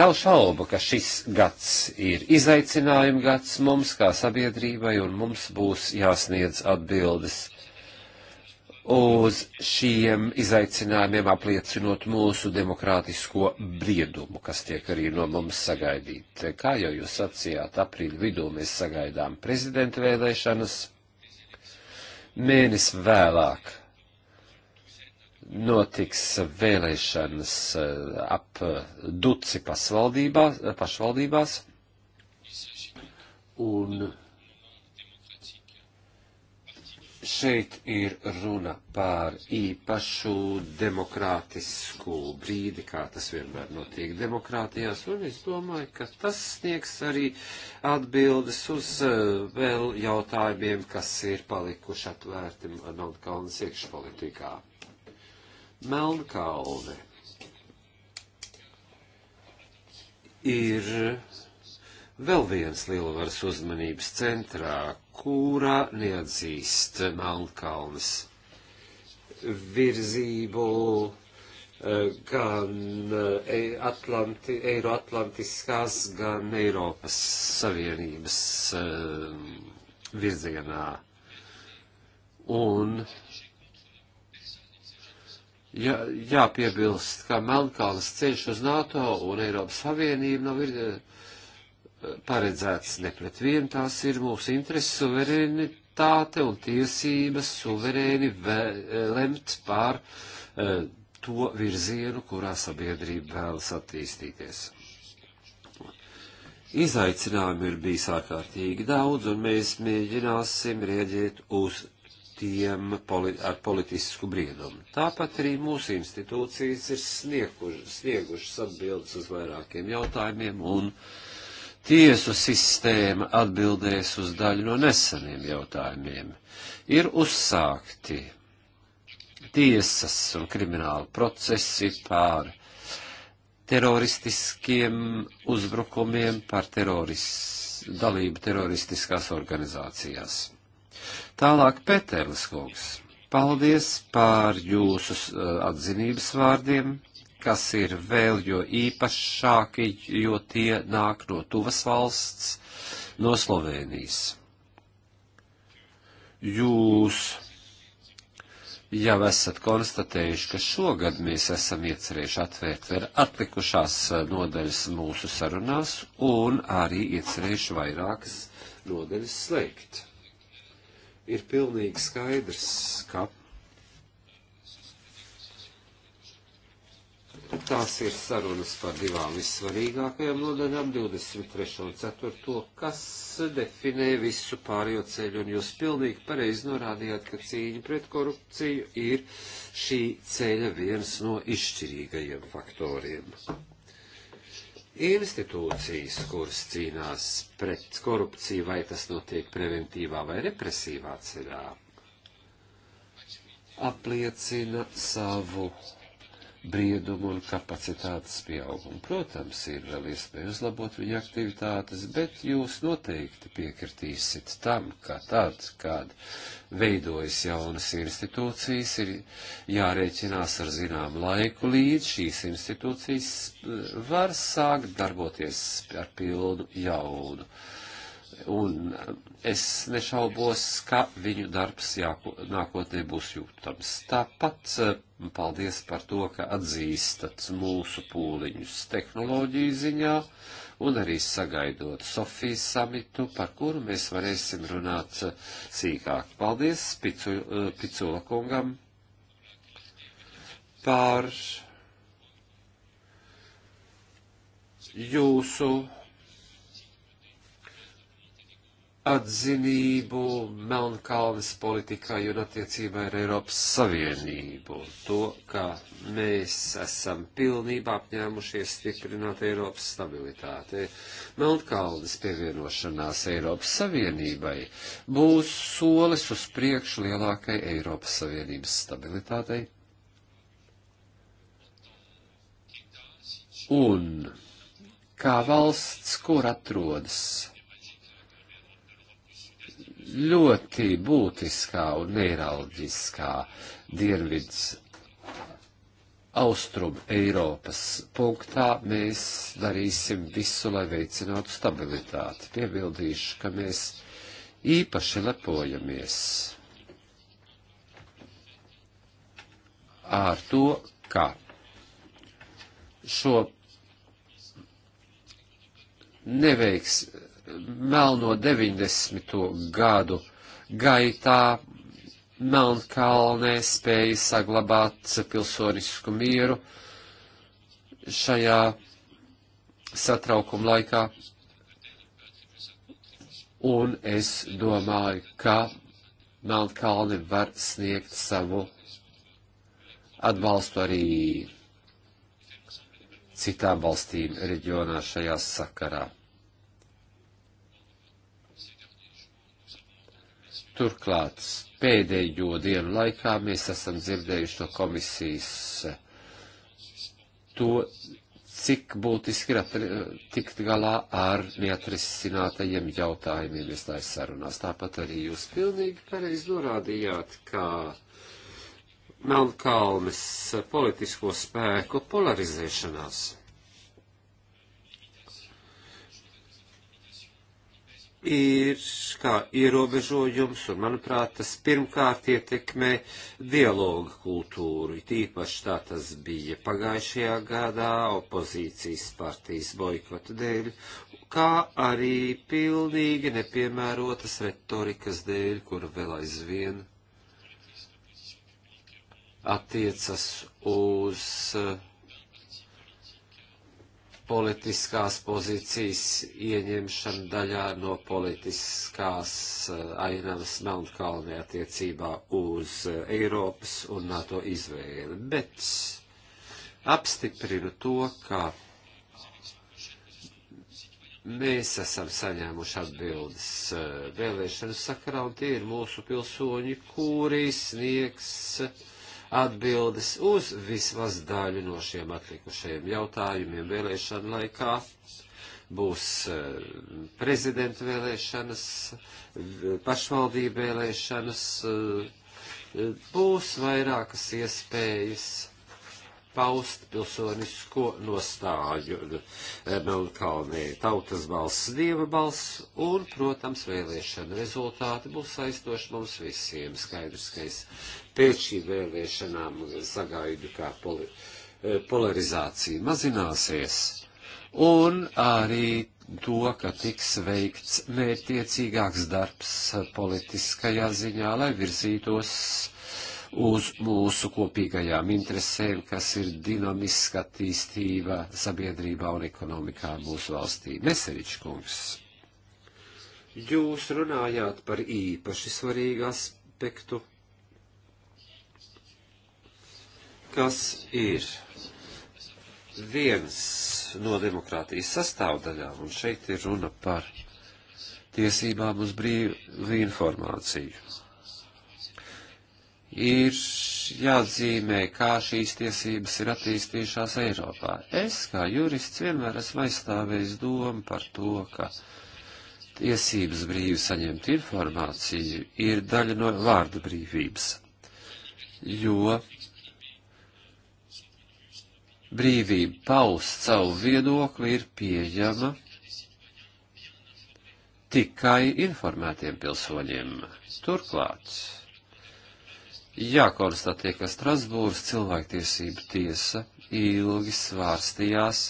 nav šaubu, ka šis gads ir izaicinājuma gads mums kā sabiedrībai, un mums būs jāsniedz atbildes uz šiem izaicinājumiem, apliecinot mūsu demokrātisko briedumu, kas tiek arī no mums sagaidīt. Kā jau jūs sacījāt, aprīļa vidū mēs sagaidām prezidenta vēlēšanas, mēnesis vēlāk notiks vēlēšanas eh, ap duci pašvaldībās, pašvaldībās un šeit ir runa pār īpašu demokrātisku brīdi, kā tas vienmēr notiek demokrātijās, un es domāju, ka tas sniegs arī atbildes uz eh, vēl jautājumiem, kas ir palikuši atvērti Melnkalnes iekšpolitikā. Melnkalne ir vēl viens lielvaras uzmanības centrā, kurā neatzīst Melnkalnes virzību eh, gan eh, Atlanti, Eiroatlantiskās, gan Eiropas Savienības eh, virzienā. Un jā, jāpiebilst, ka Melnkalnes ceļš uz NATO un Eiropas Savienību nav virzienā paredzētas ne pret vienu, tās ir mūsu intereses suverēnitāte un tiesības suverēni e, lemt pār e, to virzienu, kurā sabiedrība vēlas attīstīties. Izaicinājumi ir bijis ārkārtīgi daudz, un mēs mēģināsim rieģēt uz tiem poli ar politisku briedumu. Tāpat arī mūsu institūcijas ir sniegušas, sniegušas atbildes uz vairākiem jautājumiem, un uh, tiesu sistēma atbildēs uz daļu no neseniem jautājumiem. Ir uzsākti tiesas un krimināla procesi pār teroristiskiem uzbrukumiem, par teroris, dalību teroristiskās organizācijās. Tālāk Pēterlis kungs. Paldies par jūsu eh, atzinības vārdiem kas ir vēl jo īpašāki, jo tie nāk no tuvas valsts, no Slovenijas. Jūs jau esat konstatējuši, ka šogad mēs esam iecerējuši atvērt vēl atlikušās eh, nodaļas mūsu sarunās un arī iecerējuši vairākas nodaļas slēgt. Ir pilnīgi skaidrs, ka Tās ir sarunas par divām vissvarīgākajām nodaļām, 23. un 4. kas definē visu pārējo ceļu, un jūs pilnīgi pareizi norādījāt, ka cīņa pret korupciju ir šī ceļa viens no izšķirīgajiem faktoriem. Institūcijas, kuras cīnās pret korupciju, vai tas notiek preventīvā vai represīvā ceļā, apliecina savu briedumu un kapacitātes pieaugumu. Protams, ir vēl iespēja uzlabot viņa aktivitātes, bet jūs noteikti piekritīsit tam, ka tad, kad veidojas jaunas institūcijas, ir jārēķinās ar zinām laiku, līdz šīs institūcijas var sākt darboties ar pilnu jaunu Un es nešaubos, ka viņu darbs jāko, nākotnē būs jūtams. Tāpat eh, paldies par to, ka atzīstat mūsu pūliņus tehnoloģiju ziņā un arī sagaidot Sofijas samitu, par kuru mēs varēsim runāt eh, sīkāk. Paldies Picu, eh, Picula kungam par jūsu atzinību Melnkalnes politikai un attiecībā ar Eiropas Savienību. To, ka mēs esam pilnībā apņēmušies stiprināt Eiropas stabilitāti. Melnkalnes pievienošanās Eiropas Savienībai būs solis uz priekšu lielākai Eiropas Savienības stabilitātei. Un kā valsts, kur atrodas ļoti būtiskā un neiralģiskā dienvids austrum Eiropas punktā mēs darīsim visu, lai veicinātu stabilitāti. Piebildīšu, ka mēs īpaši lepojamies ar to, ka šo neveiks, melno 90. gadu gaitā Melnkalnē spēja saglabāt pilsonisku mieru šajā satraukuma laikā. Un es domāju, ka Melnkalni var sniegt savu atbalstu arī citām valstīm reģionā šajā sakarā. Turklāt pēdējo dienu laikā mēs esam dzirdējuši no komisijas to, cik būtiski ir tikt galā ar neatrisinātajiem jautājumiem iestājas sarunās. Tāpat arī jūs pilnīgi pareizi norādījāt, ka Melnkalnes politisko spēku polarizēšanās ir kā ierobežojums, un, manuprāt, tas pirmkārt ietekmē dialoga kultūru. Tīpaši tā tas bija pagājušajā gadā opozīcijas partijas boikota dēļ, kā arī pilnīgi nepiemērotas retorikas dēļ, kura vēl aizvien attiecas uz uh, politiskās pozīcijas ieņemšana daļā no politiskās eh, ainavas Melnkalnē attiecībā uz eh, Eiropas un NATO izvēli. Bet apstiprinu to, ka mēs esam saņēmuši atbildes eh, vēlēšanu sakarā, un tie ir mūsu pilsoņi, kuri sniegs uh, atbildes uz vismaz daļu no šiem atlikušajiem jautājumiem vēlēšana laikā. Būs eh, prezidenta vēlēšanas, pašvaldība vēlēšanas, eh, būs vairākas iespējas paust pilsonisko nostāju Melnkalnē. Tautas balss, dieva balss un, protams, vēlēšana rezultāti būs aizstoši mums visiem. Skaidrs, ka es pēc šī vēlēšanām sagaidu, kā poli, eh, polarizācija mazināsies. Un arī to, ka tiks veikts mērķiecīgāks darbs politiskajā ziņā, lai virzītos uz mūsu kopīgajām interesēm, kas ir dinamiska attīstība sabiedrībā un ekonomikā mūsu valstī. Meseričs kungs, jūs runājāt par īpaši svarīgu aspektu, kas ir viens no demokrātijas sastāvdaļām, un šeit ir runa par tiesībām uz brīvu informāciju ir jāatzīmē, kā šīs tiesības ir attīstījušās Eiropā. Es kā jurists vienmēr esmu aizstāvējis domu par to, ka tiesības brīvi saņemt informāciju ir daļa no vārda brīvības, jo brīvība paust savu viedokli ir pieejama tikai informētiem pilsoņiem. Turklāt jākonstatē, ka Strasbūras cilvēktiesība tiesa ilgi svārstījās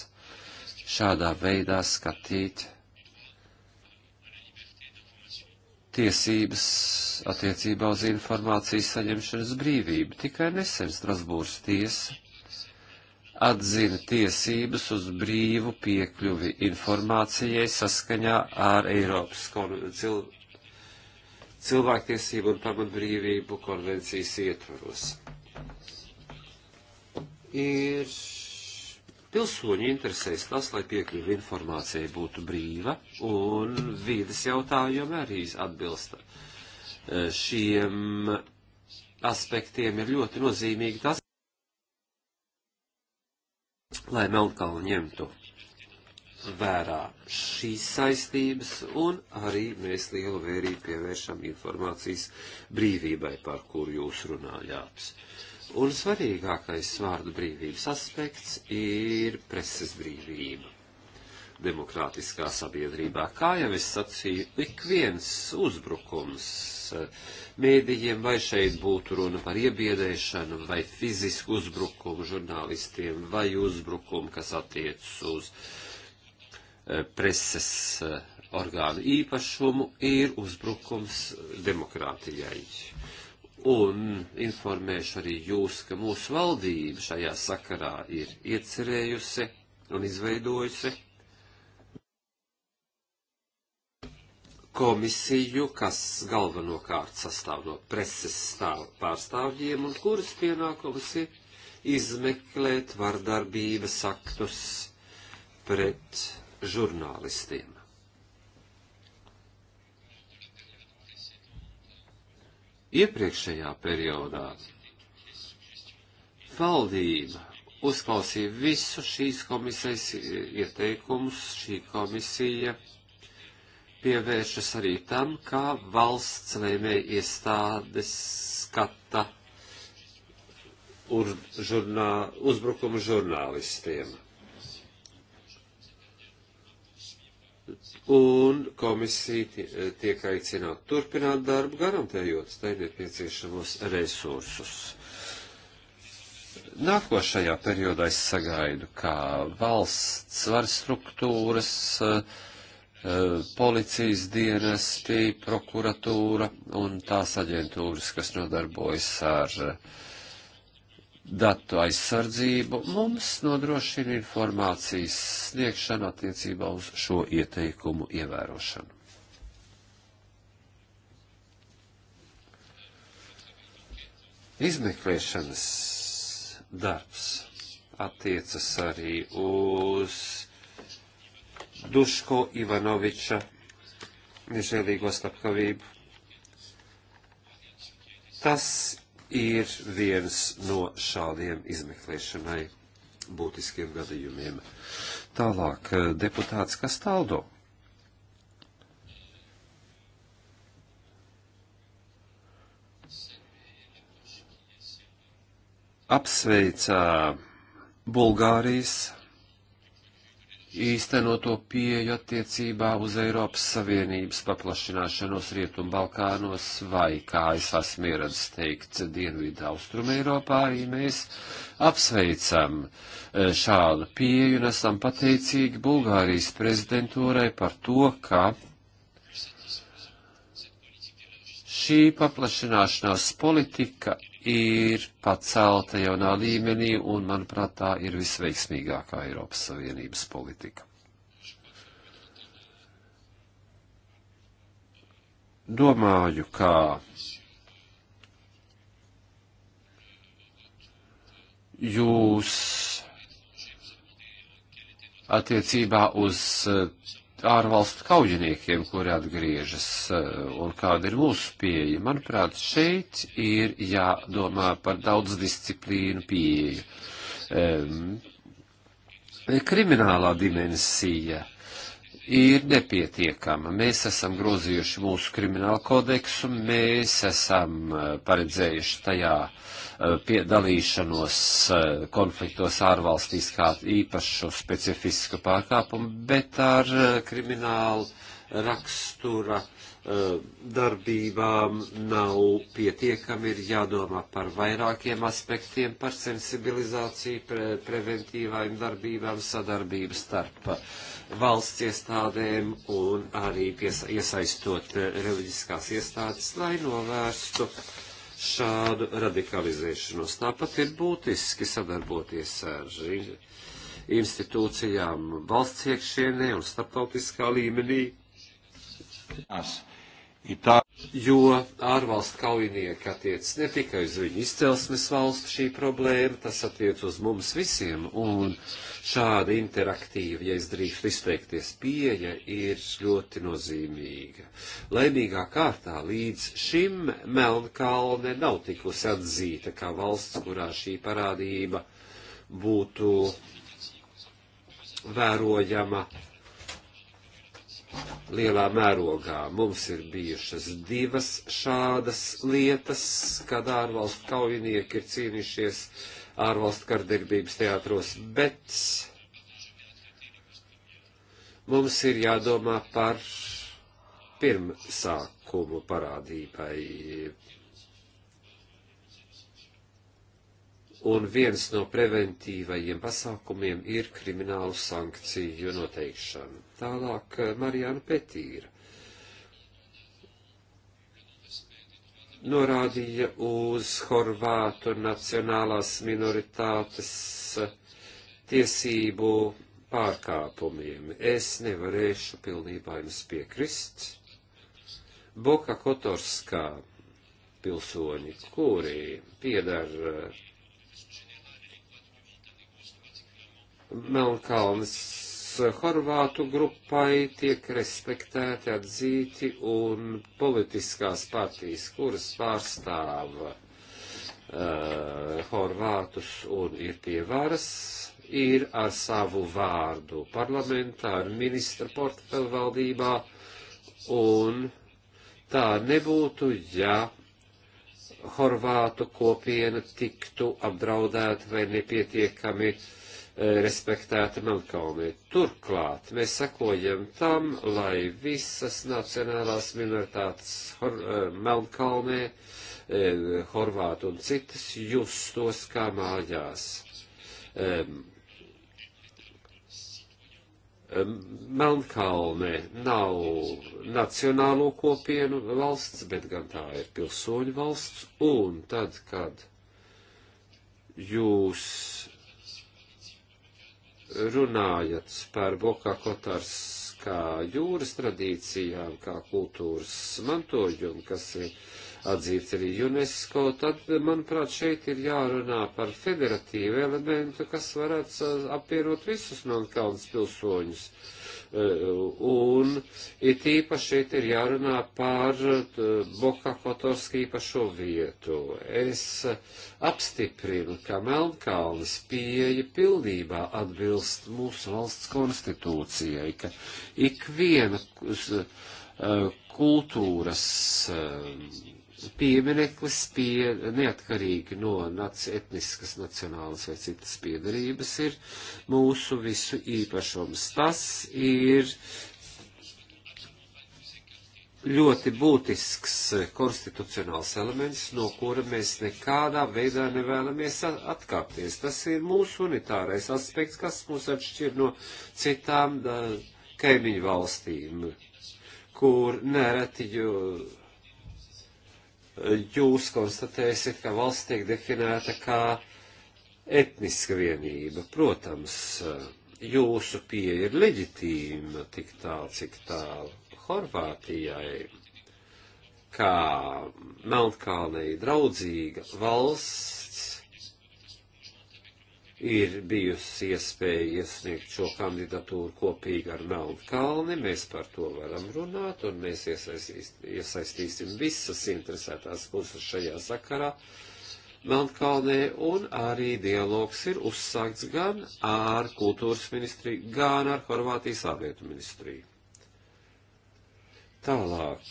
šādā veidā skatīt tiesības attiecībā uz informācijas saņemšanas brīvību. Tikai nesen Strasbūras tiesa atzina tiesības uz brīvu piekļuvi informācijai saskaņā ar Eiropas kon cil cilvēktiesību un pamatbrīvību konvencijas ietvaros. Ir pilsoņu interesēs tas, lai piekļuva informācijai būtu brīva, un vīdes jautājumi arī atbilsta eh, šiem aspektiem ir ļoti nozīmīgi tas, lai Melnkalnu ņemtu vērā šīs saistības, un arī mēs lielu vērību pievēršam informācijas brīvībai, par kuru jūs runājāt. Un svarīgākais vārdu brīvības aspekts ir preses brīvība. Demokrātiskā sabiedrībā, kā jau es sacīju, ik viens uzbrukums eh, mēdījiem, vai šeit būtu runa par iebiedēšanu, vai fizisku uzbrukumu žurnālistiem, vai uzbrukumu, kas attiec uz uh, preses eh, orgānu īpašumu ir uzbrukums demokrātijai. Un informēšu arī jūs, ka mūsu valdība šajā sakarā ir iecerējusi un izveidojusi komisiju, kas galvenokārt sastāv no preses stāv pārstāvjiem un kuras pienākums ir izmeklēt vardarbības aktus pret žurnālistiem. Iepriekšējā periodā valdība uzklausīja visu šīs komisijas ieteikumus, šī komisija pievēršas arī tam, kā valsts lēmēja iestādes skata žurnā, uzbrukumu žurnālistiem. un komisija eh, tiek aicināta turpināt darbu, garantējot tai nepieciešamos resursus. Nākošajā periodā es sagaidu, kā valsts svaru struktūras, eh, eh, policijas dienesti, prokuratūra un tās aģentūras, kas nodarbojas ar uh, datu aizsardzību, mums nodrošina informācijas sniegšanu attiecībā uz šo ieteikumu ievērošanu. Izmeklēšanas darbs attiecas arī uz Duško Ivanoviča nežēlīgo slepkavību. Tas ir viens no šādiem izmeklēšanai būtiskiem gadījumiem. Tālāk eh, deputāts Kastaldo. Apsveicā Bulgārijas īstenoto pieju attiecībā uz Eiropas Savienības paplašināšanos Rietumbalkānos vai, kā es esmu ieradis teikt, Dienvidu Austrum Eiropā, arī mēs apsveicam e, šādu pieju un esam pateicīgi Bulgārijas prezidentūrai par to, ka šī paplašināšanās politika ir pacelta jaunā līmenī, un, manuprāt, tā ir visveiksmīgākā Eiropas Savienības politika. Domāju, ka jūs attiecībā uz ārvalstu kaujiniekiem, kuri atgriežas, eh, un kāda ir mūsu pieeja. Manuprāt, šeit ir jādomā par daudzdisciplīnu pieeju. Um, kriminālā dimensija ir nepietiekama. Mēs esam grozījuši mūsu kriminālu kodeksu, mēs esam eh, paredzējuši tajā uh, Eh, piedalīšanos eh, konfliktos ārvalstīs kā īpašu specifisku pārkāpumu, bet ar eh, kriminālu rakstura darbībām nav pietiekami, ir jādomā par vairākiem aspektiem, par sensibilizāciju, pre, preventīvām darbībām, sadarbību starp valsts iestādēm un arī piesa, iesaistot reliģiskās iestādes, lai novērstu uh, šādu radikalizēšanos. Tāpat ir būtiski sadarboties ar institūcijām valsts iekšienē un starptautiskā līmenī. Tās Itā... Jo ārvalstu kaujinieki attiec ne tikai uz viņu izcelsmes valstu šī problēma, tas attiec uz mums visiem, un šāda interaktīva, ja es drīkstu izteikties, pieeja ir ļoti nozīmīga. Laimīgā kārtā līdz šim Melnkalne nav tikusi atzīta kā valsts, kurā šī parādība būtu vērojama lielā mērogā. Mums ir bijušas divas šādas lietas, kad ārvalstu kaujinieki ir cīnījušies ārvalstu kardarbības teātros, bet mums ir jādomā par pirmsākumu parādībai Un viens no preventīvajiem pasākumiem ir kriminālu sankciju noteikšana. Tālāk eh, Marijāna Petīra norādīja uz Horvātu nacionālās minoritātes eh, tiesību pārkāpumiem. Es nevarēšu pilnībā jums piekrist. Boka Kotorskā pilsoņi, kuri piedara Melnkalnes eh, Horvātu grupai tiek respektēti, atzīti un politiskās partijas, kuras pārstāv uh, Horvātus un ir pie varas, ir ar savu vārdu parlamentā, ar ministra portfeli valdībā, un tā nebūtu, ja Horvātu kopiena tiktu apdraudēta vai nepietiekami uh, respektēta Melnkalnē. Turklāt mēs sakojam tam, lai visas nacionālās minoritātes Hor eh, Melnkalnē, eh, Horvātu un citas justos kā mājās. Melnkalne nav nacionālo kopienu valsts, bet gan tā ir pilsoņu valsts, un tad, kad jūs runājat par Bokā Kotars kā jūras tradīcijām, kā kultūras mantojumu, kas ir atzīts arī UNESCO, tad, manuprāt, šeit ir jārunā par federatīvu elementu, kas varētu apvienot visus Melnkalnes pilsoņus. Uh, Eh, un it īpaši šeit ir jārunā par eh, Boka Kotorska īpašo vietu. Es apstiprinu, ka Melnkalnes pieeja pilnībā atbilst mūsu valsts konstitūcijai, ka ikviena eh, kultūras piemineklis pie neatkarīgi no nac, etniskas, nacionālas vai citas piedarības ir mūsu visu īpašums. Tas ir ļoti būtisks konstitucionāls elements, no kura mēs nekādā veidā nevēlamies atkāpties. Tas ir mūsu unitārais aspekts, kas mūs atšķir no citām da, kaimiņu valstīm, kur nereti jau jūs konstatēsiet, ka valsts tiek definēta kā etniska vienība. Protams, jūsu pieeja ir leģitīma tik tālu, cik tālu Horvātijai, kā Melnkalnei draudzīga valsts ir bijusi iespēja iesniegt šo kandidatūru kopīgi ar Melnu Kalni. Mēs par to varam runāt, un mēs iesaistīsim visas interesētās puses šajā sakarā. Melnkalnē, un arī dialogs ir uzsākts gan ar kultūras ministriju, gan ar Horvātijas ārlietu ministriju. Tālāk.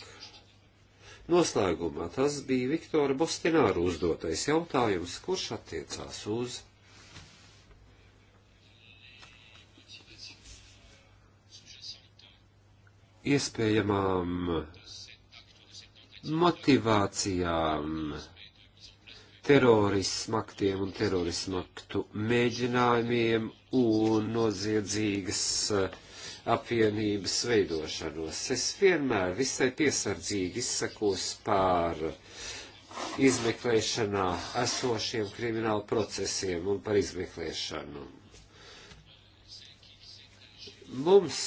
Noslēgumā tas bija Viktora Bostināra uzdotais jautājums, kurš attiecās uz iespējamām motivācijām, terorismu aktiem un terorismu aktu mēģinājumiem un noziedzīgas eh, apvienības veidošanos. Es vienmēr visai piesardzīgi izsakos pār izmeklēšanā esošiem kriminālu procesiem un par izmeklēšanu. Mums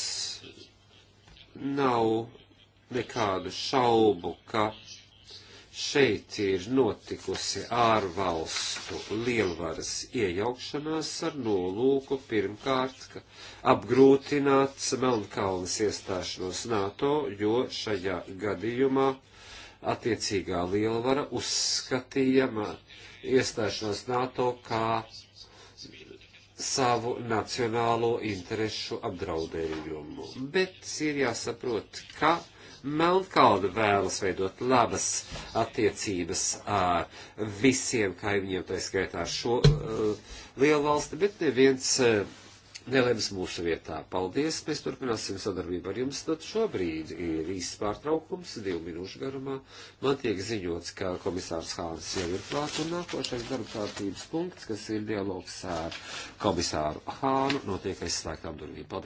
nav nekādu šaubu, ka šeit ir notikusi ārvalstu lielvaras iejaukšanās ar nolūku pirmkārt ka apgrūtināt Melnkalnes iestāšanos NATO, jo šajā gadījumā attiecīgā lielvara uzskatīja iestāšanos NATO kā savu nacionālo interešu apdraudējumu. Bet ir jāsaprot, ka Melnkalda vēlas veidot labas attiecības ar visiem kaimiņiem, tā skaitā šo uh, lielu valsti, bet neviens uh, nelems mūsu vietā. Paldies, mēs turpināsim sadarbību ar jums, tad šobrīd ir īsts pārtraukums, divu minūšu garumā. Man tiek ziņots, ka komisārs Hāns jau ir klāt, un nākošais darba kārtības punkts, kas ir dialogs ar komisāru Hānu, notiek aizslēgtām durvīm. Paldies!